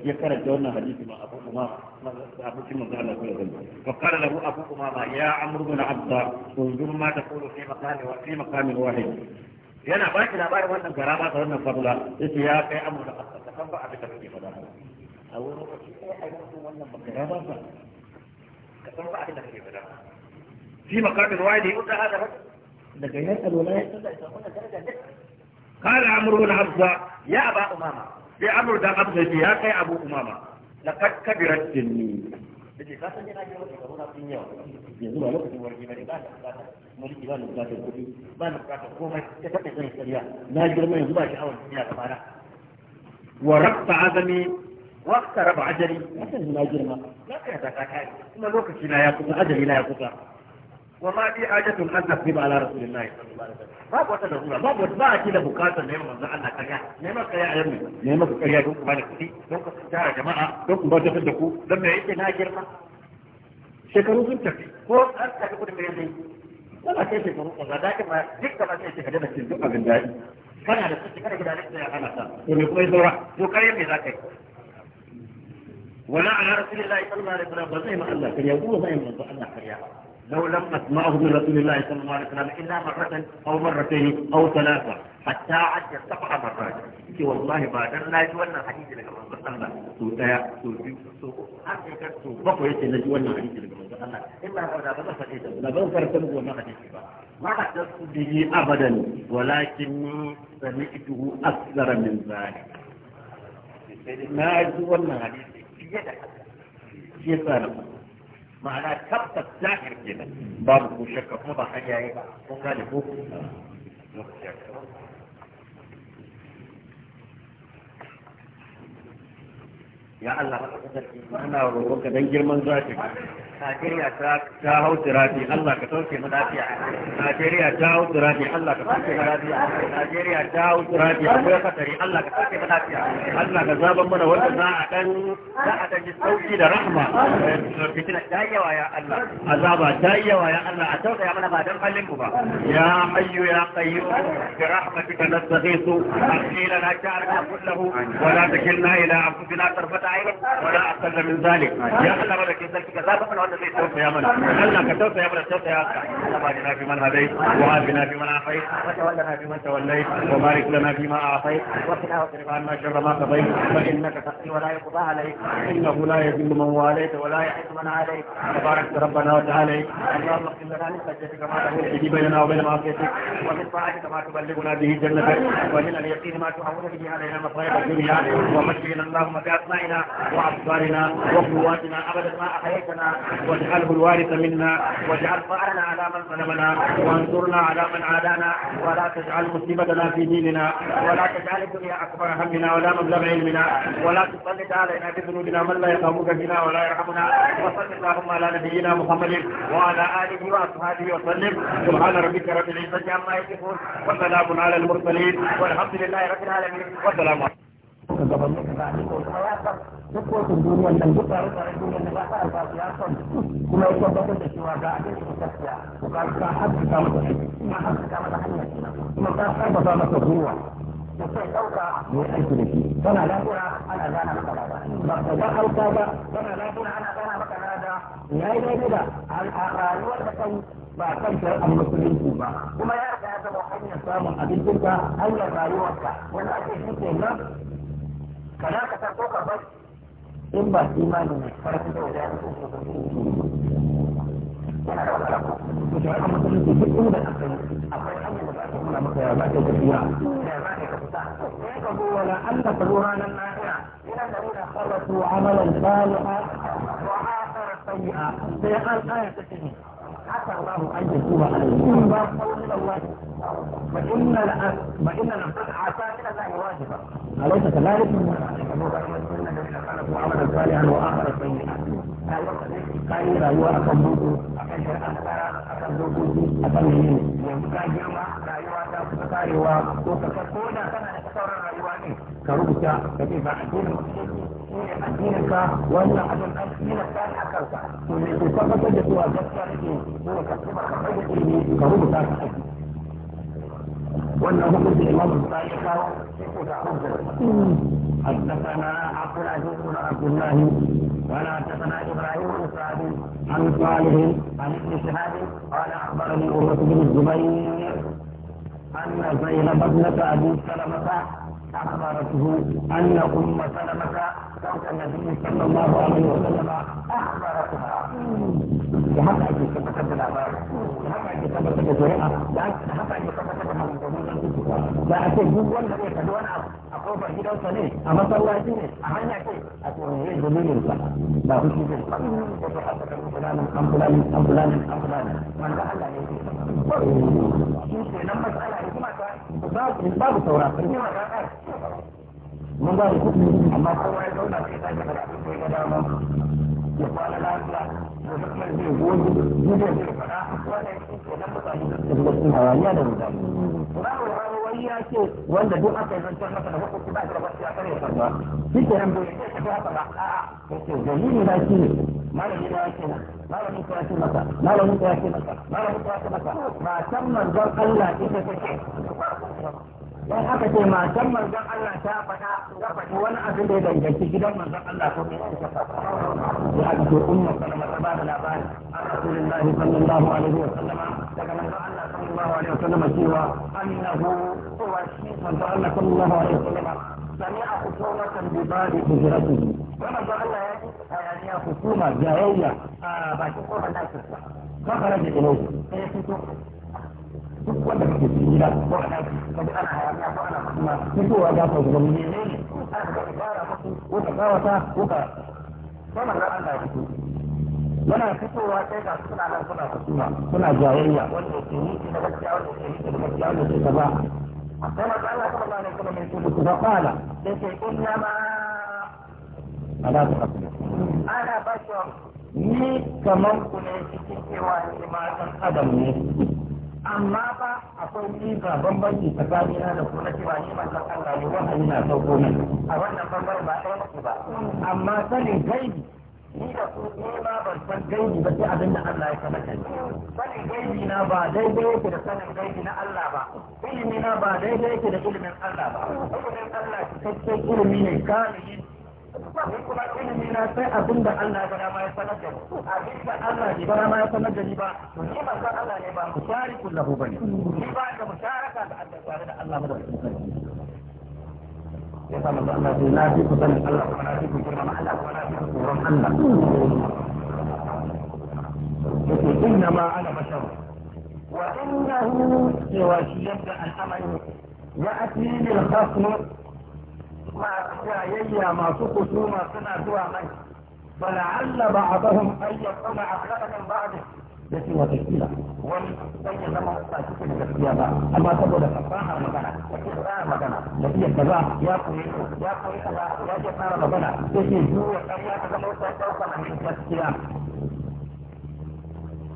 يكرر دون حديث مع أبو أمامة أبو فقال له أبو أمامة يا عمرو بن عبد انظر ما تقول في مقام في مقام واحد يا ba لا لا wannan garaba da wannan fadula أمر ya san ba a da kake faɗa a wani lokaci sai a yi mutum wannan baka ya ba sa ka san ba a fita kake faɗa fi makamin waye da yi wuta haka ba daga yan alwala ya san da ita wannan daraja ne قال عمرو بن حفصة يا أبا أمامة في عمرو بن حفصة يا كي أبو أمامة لقد كبرت سني Jadi kata dia lagi orang baru nak pinjau. Dia dulu lalu pergi pergi dari ba Mungkin dia lalu berada di mana berada. Kau masih tetap di sini saja. Najis mana juga di awal dia kemana? wa rabba azami wa ka raba ajali mutum na girma lafiya ta kai kuma lokaci na ya kusa ajali na ya kusa wa ma bi hajatun an nasib ala rasulillahi sallallahu alaihi wasallam babu wata darura babu wata ba a da bukatar neman manzon Allah kariya neman kariya a yamma neman ku kariya don ku bani kuɗi don ku tara jama'a don ku bautar da ku don me yake na girma shekaru sun tafi ko an tafi kudin mai zai wala sai shekaru kaza da ma duk da ba sai shekaru da cin duk abin daɗi kana da kuɗi kana gudanar da ana sa to me kuma ya saura to kayan me za ka yi ولا على رسول الله صلى الله عليه وسلم وزي ما الله كان يقول زي ما الله كان يقول لو لم أسمعه من رسول الله صلى الله عليه وسلم إلا مرة أو مرتين أو ثلاثة حتى عد سبع مرات كي والله بادر لا يتولى الحديث لك من صلى الله سوداء سوداء سوداء أكثر سوداء بقوا يتنجي ولا حديث لك من صلى الله إلا هذا بلا حديث لا بلا فرسل وما حديث بقى ما حدثت به أبدا ولكني سمعته أكثر من ذلك ما أجو أن حديث يسأل معناه كبت الساحر كده بابك شك مضى حاجة ايه بقى وقال ya Allah maka kasarki ana ka dan girman zaki Najeriya ta hau tirafi Allah ka sauke mu lafiya Najeriya ta hau tirafi Allah ka sauke mu lafiya Najeriya ta hau tirafi akwai fatari Allah ka sauke mu lafiya Allah ka zaban mana wanda za a dan za a dan sauki da rahma fitina ta yawa ya Allah azaba ta yawa ya Allah a tausaya mana ba dan fallin ku ba ya hayyu ya qayyum bi rahmatika nastaghiithu na sha'rana kullahu wa la takilna ila anfusina tarfata ولا أقل من ذلك يا الله ملك يسلك كذاب من وانا زي توفى يا من الله كتوفى يا من توفى يا الله بارنا في من هديت وعافنا في من عافيت وتولنا في من توليت وبارك لنا فيما أعطيت وقنا واصرف عنا شر ما قضيت فإنك تقضي ولا يقضى عليك إنه لا يذل من واليت ولا يحب من عليك تبارك ربنا وتعالى اللهم اغفر لنا من سجدك ما تهون به بيننا وبين معصيتك ومن طاعتك ما تبلغنا به جنتك ومن اليقين ما تعون به علينا مصائب الدنيا ومشينا اللهم بأسمائنا وأبصارنا وقواتنا أبدا ما أحييتنا واجعله الوارث منا واجعل فأرنا على من ظلمنا وانصرنا على من عادانا ولا تجعل مصيبتنا في ديننا ولا تجعل الدنيا أكبر همنا ولا مبلغ علمنا ولا تسلط علينا بذنوبنا من لا يفهمك فينا ولا يرحمنا وصل اللهم على نبينا محمد وعلى آله وأصحابه وسلم سبحان ربك رب العزة عما يصفون وسلام على المرسلين والحمد لله رب العالمين والسلام عليكم shugabanni da ba ni ko kuma ya san duk kotun duniya nan duk tsarin tsarin duniya nan ba fara ba ya san kuma ya tabbatar da cewa ga abin da gaskiya to ka ka haskaka masa ka haskaka masa hanyar kuma ka karfafa masa gwiwa da sai ɗauka ne aiki da shi tana lafura ana gana maka lada ba ka ga hauka ba tana lafura ana gana maka lada ya yi daidai da a rayuwar da kai ba kan shari'ar musulunci ba kuma ya riga ya zama hanyar samun abincinka hanyar rayuwarka wanda ake shi ke nan ka dakatar ko ka in ba imanin farko da wajen yana da wata ko da ya kamata ne duk inda ka kai akwai hanyar da za ka nuna maka ya ba ta tafiya ya ba ka fita sai ka go wala Allah ka zo ranar lahira yana da wani khalatu amalan salihan wa akhara sayyi'a sai an ayata cikin عسى الله ان يتوب عليهم قول الله فان الاسف فان عسى من الله اليس كذلك؟ ان الذين خلقوا عملا صالحا واخر سيئا لا يوقف خير لا يوقف لا يوقف كروكا كيف حدينك وأن أحد الأمثلين أكرك وأن أحد الإمام الصالح حدثنا عبد العزيز بن عبد الله ولا حدثنا إبراهيم عن صالح عن ابن شهاب قال أخبرني أمة بن الزبير أن زينب ابنة أبي سلمة أخبرته أن أم سلمة زوج النبي صلى الله عليه وسلم أخبرتها وهذا أجل ثبت بالأخبار وهذا أجل ثبت بالقراءة وهذا أجل ثبت بالحديث لا أتي جزء ولا ليس دون أرض أقوم بأجل وسنين أما صلى الله عليه وسلم أما نأتي أتوني هي دليل الفقه لا أخشي في الفقه وتحدث عن فلان عن فلان عن فلان عن فلان من لعل يجي شيء لما سأل عليه babu saura mun ba da kuɗi amma kowa ya zauna sai ya sake faɗa abin da ya dama ya kwana lafiya da zakar zai goji gida zai fada wanda ya ce mutane da suka suna wariya da mutane babu wani ya ce wanda duk aka yi zancen masa da hukunci ba da wasu ya kare ya karba shi nan bai ce ka haka ba a'a ce dalili na shi ne malami na ya ce na malami ta ya ce masa malami ta ya ce masa malami ta ya ce masa matan manzon Allah ita take dan aka ce matan manzon Allah ta faɗa ta faɗi wani abin da ya danganci gidan manzon Allah ko ne aka faɗa ya aka ce umma sallama ta bada labari an rasulullahi sallallahu alaihi wa sallama daga manzon Allah sallallahu alaihi wa sallama cewa annahu huwa shi manzon Allah sallallahu alaihi wa sallama سمع خصومة بباب هجرته وما قال الله يعني خصومة جاهية باكي قوة لا تسمع فخرج إليه فيسكت duk wanda kake cikin gida ko a ɗaki ka ji ana hayaniya ko ana kuma fitowa ya fa zuwa mene ne ana ka fara musu ko ka gawata ko ka sama na Allah ya fito yana fitowa sai ga suna nan suna fasuma suna jayayya wanda ke yi da gaskiya wanda ke yi da gaskiya wanda ke kaza sai maza Allah kuma ba ne kuma mai tudu ba kwana sai sai in ya ma ana ta kasu ana ba shi ni kamar ku ne cikin cewa ni ma san adam ne amma ba akwai ba bambanci tsakani na da kuma cewa ni manzon Allah ne wahayi na sauko min a wannan bambar ba ɗaya muke ba amma sanin gaibi ni da ku ne ma ban san gaibi ba sai abin da Allah ya kamata ni sanin gaibi na ba daidai yake da sanin gaibi na Allah ba ilimi na ba daidai yake da ilimin Allah ba ilimin Allah cikakken ilimi ne kamili ni kuma ilimi na sai abin da Allah ya fara ma ya sanar da ni abin da Allah ya fara ma ya sanar da ni ba to ni ba san Allah ne ba ku shari kullahu bane ni ba da mu taraka da Allah tare da Allah ba ya sa manzo Allah sai na fi ku san Allah kuma na fi ku girma Allah kuma na fi ku tsoron Allah yake inna ma ana bashar wa innahu yawashi yadda al'amari ya'ti lil khasmi masu yayya masu kusuma suna zuwa mai فلعل بعضهم ان يكون اخلاقا بعد da ce wata kila wani dan ya zama ba cikin gaskiya ba amma saboda fasahar magana da ke tsara magana da iya kaza ya koyi ya koyi kaza ya ke tsara magana da ke zuwa ƙarya ta zama wata ɗauka na gaskiya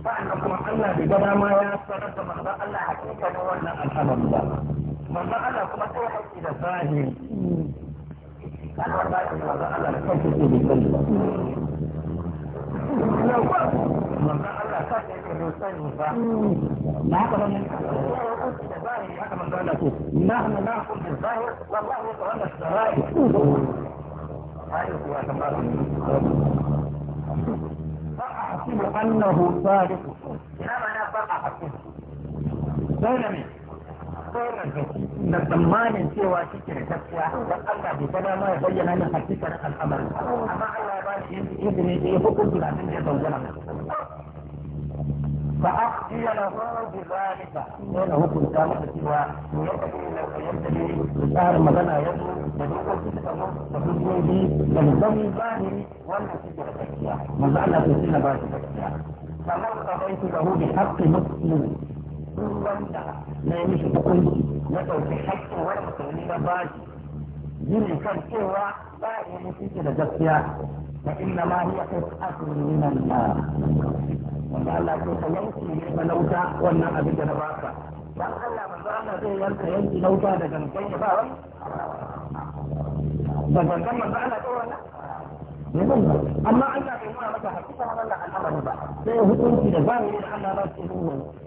sa'annan kuma Allah da ga dama ya sanar da manzon Allah hakikanin wannan al'amari ba manzo Allah kuma sai ya haƙi da zahiri an wanda ya manzo Allah da kansa ke da sani ba manzo Allah sa ke da sani ba na haka ban haka manzo Allah ce nahnu naqul bil zahir wallahu yatawalla as-sarair ayo kuwa فأحسب أنه صادق. لا معنى فأحسب. بين من؟ da tsammanin cewa shi ke da gaskiya don Allah bai gana ma ya bayyana min hakikar al'amari amma Allah ya ba shi izini da ya hukunta abin da ya bayyana فأخفي له da أنا هكذا كانت da يبتدي شهر مدنا يدو يدوكو تتكلم تقول لي يلزمي ظاهري ولا تجد تكيا مزعنا في سنة باشا تكيا فمن قضيت له بحق مسلم duk wanda na yi mishi hukunci na ɗauki haƙƙin wani musulmi na bashi gini kan cewa ba ya yi mutunci da gaskiya Da inna ma hiya qat'atun min an-nar wanda Allah ya ka yanki ne na nauta wannan abin da na ba ka. dan Allah manzo a zai yanka yanki nauta da gangan da ba wani da gangan manzo Allah ko wannan amma Allah bai nuna maka hakika wannan al'amari ba sai hukunci da yi da Allah ba su nuna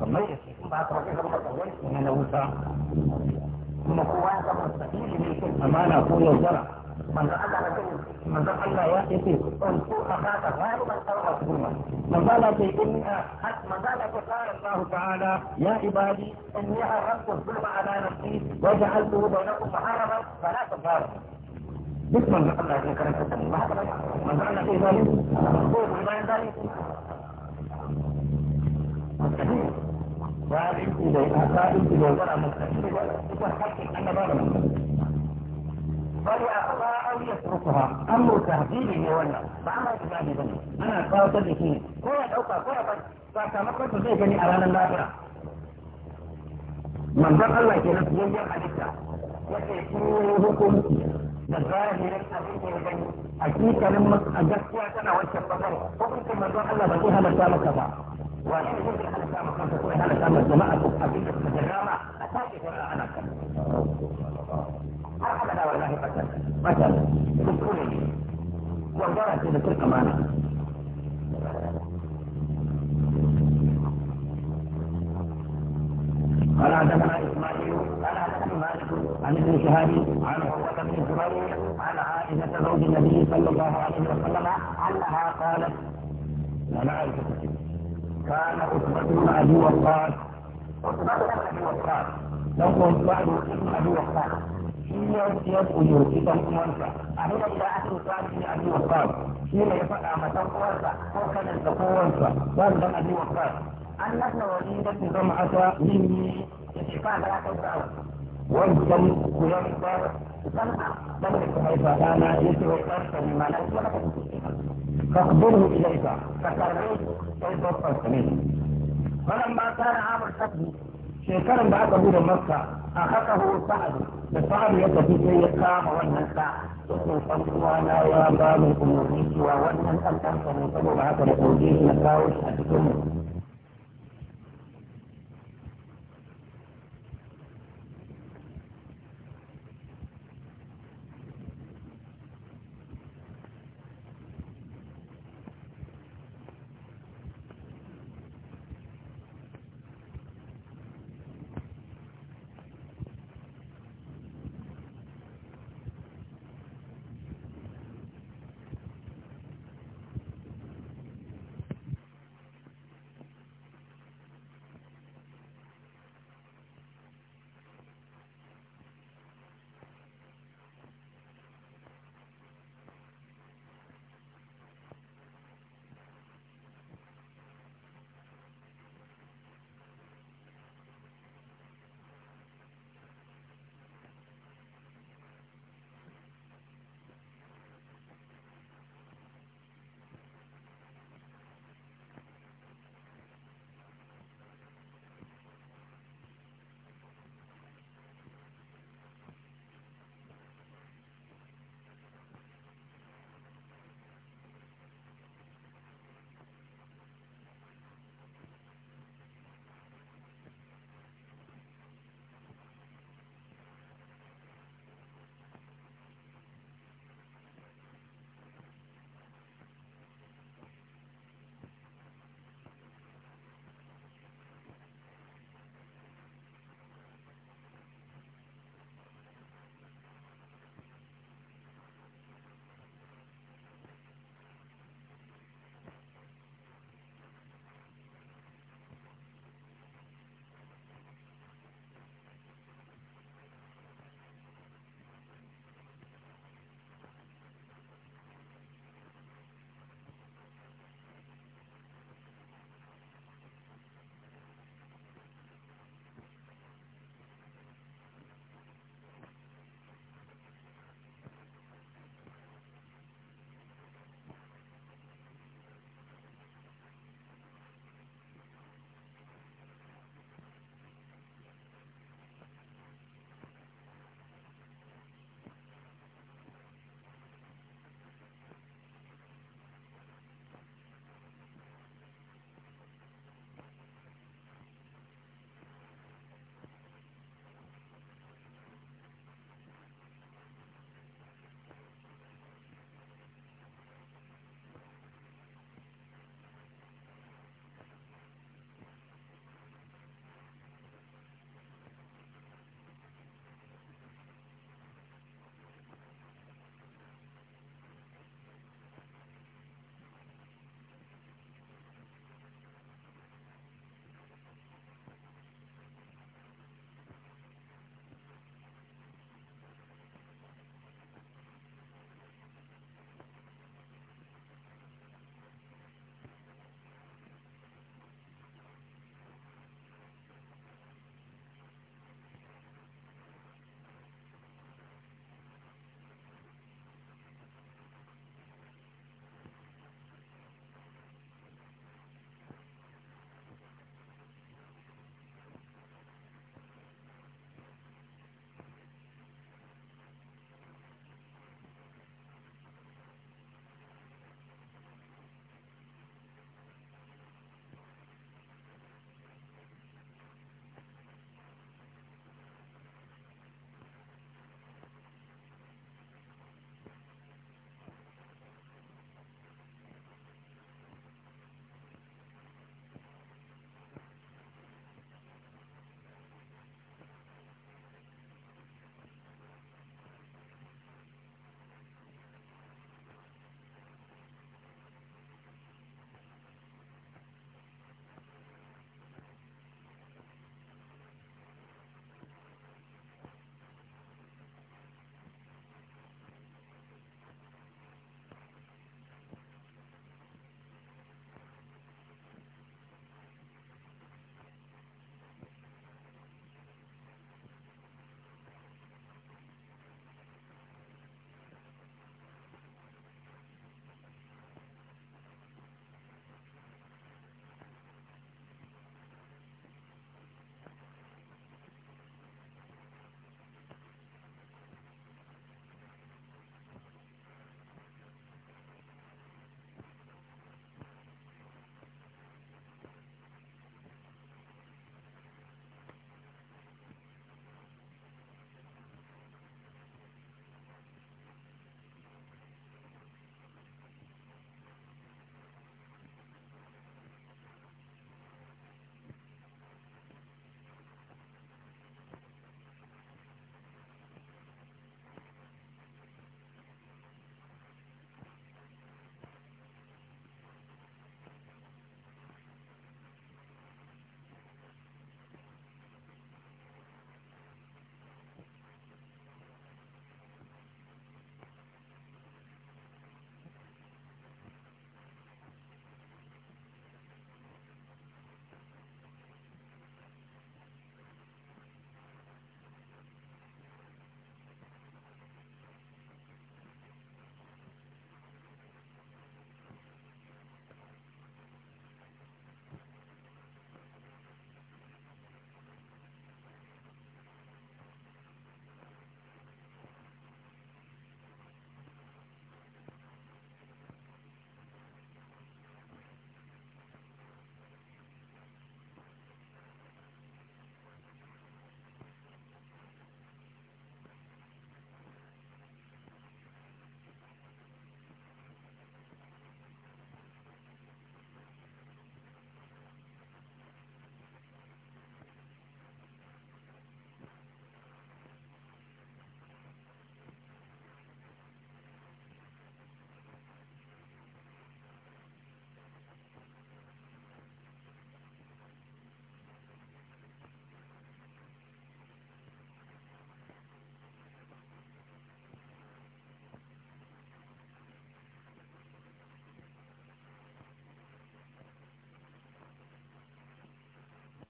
من انا اقول من قال رجل من يا اخي غالبا من قال ان من قال قال الله تعالى يا عبادي اني حرمت الظلم على نفسي وجعلته بينكم محرما فلا تظالموا بسم الله الله يذكرك من قال في ذلك bayan ku da ya ka in ku dogara maka ba hakkin annaba da maka bari a ba an yi turkuha an mu tahdidi ne wannan ba amma shi bane bane ana kawo da shi ko ya dauka ko ya ba sakamakon su zai gani a ranar lafiya manzon Allah ke nan yanzu halitta ce shi ne hukum da zahirin abin da ya gani a cikin a gaskiya tana wancan bakar hukuncin manzon Allah ba zai halarta maka ba واحد يقول انا سامع خمسه انا سامع جماعه حبيبه متجامع اتاكد ولا انا كم هذا والله قتل مثلا تذكرني والله تذكرك معنا قال حدثنا اسماعيل قال حدثني مالك عن ابن شهاب عن عروه بن عن عائشه زوج النبي صلى الله عليه وسلم انها قالت لا لا كان عثمان عدو ابي وقاص عثمان بن ابي وقاص له عثمان بن ابي وقاص حين يدخل إذا أمرك أهلا إلى أهل صالح بن أبي وقاص حين يفعل أمة أمرك وكان الزقوة وأنت أبي وقاص أنك وليدة جمعة مني يتفاعل لا تنسى wancan kuyan ɗan ka haifa ɗana ya ce فلما كان عام الحكم شيكرا بعد أبو مكة أخذه سعد بسعد يتفي في يقام وانا سعد وانا يا بابكم الأمور ووانا أن أنت من تبو بعد نكاوش أتكلم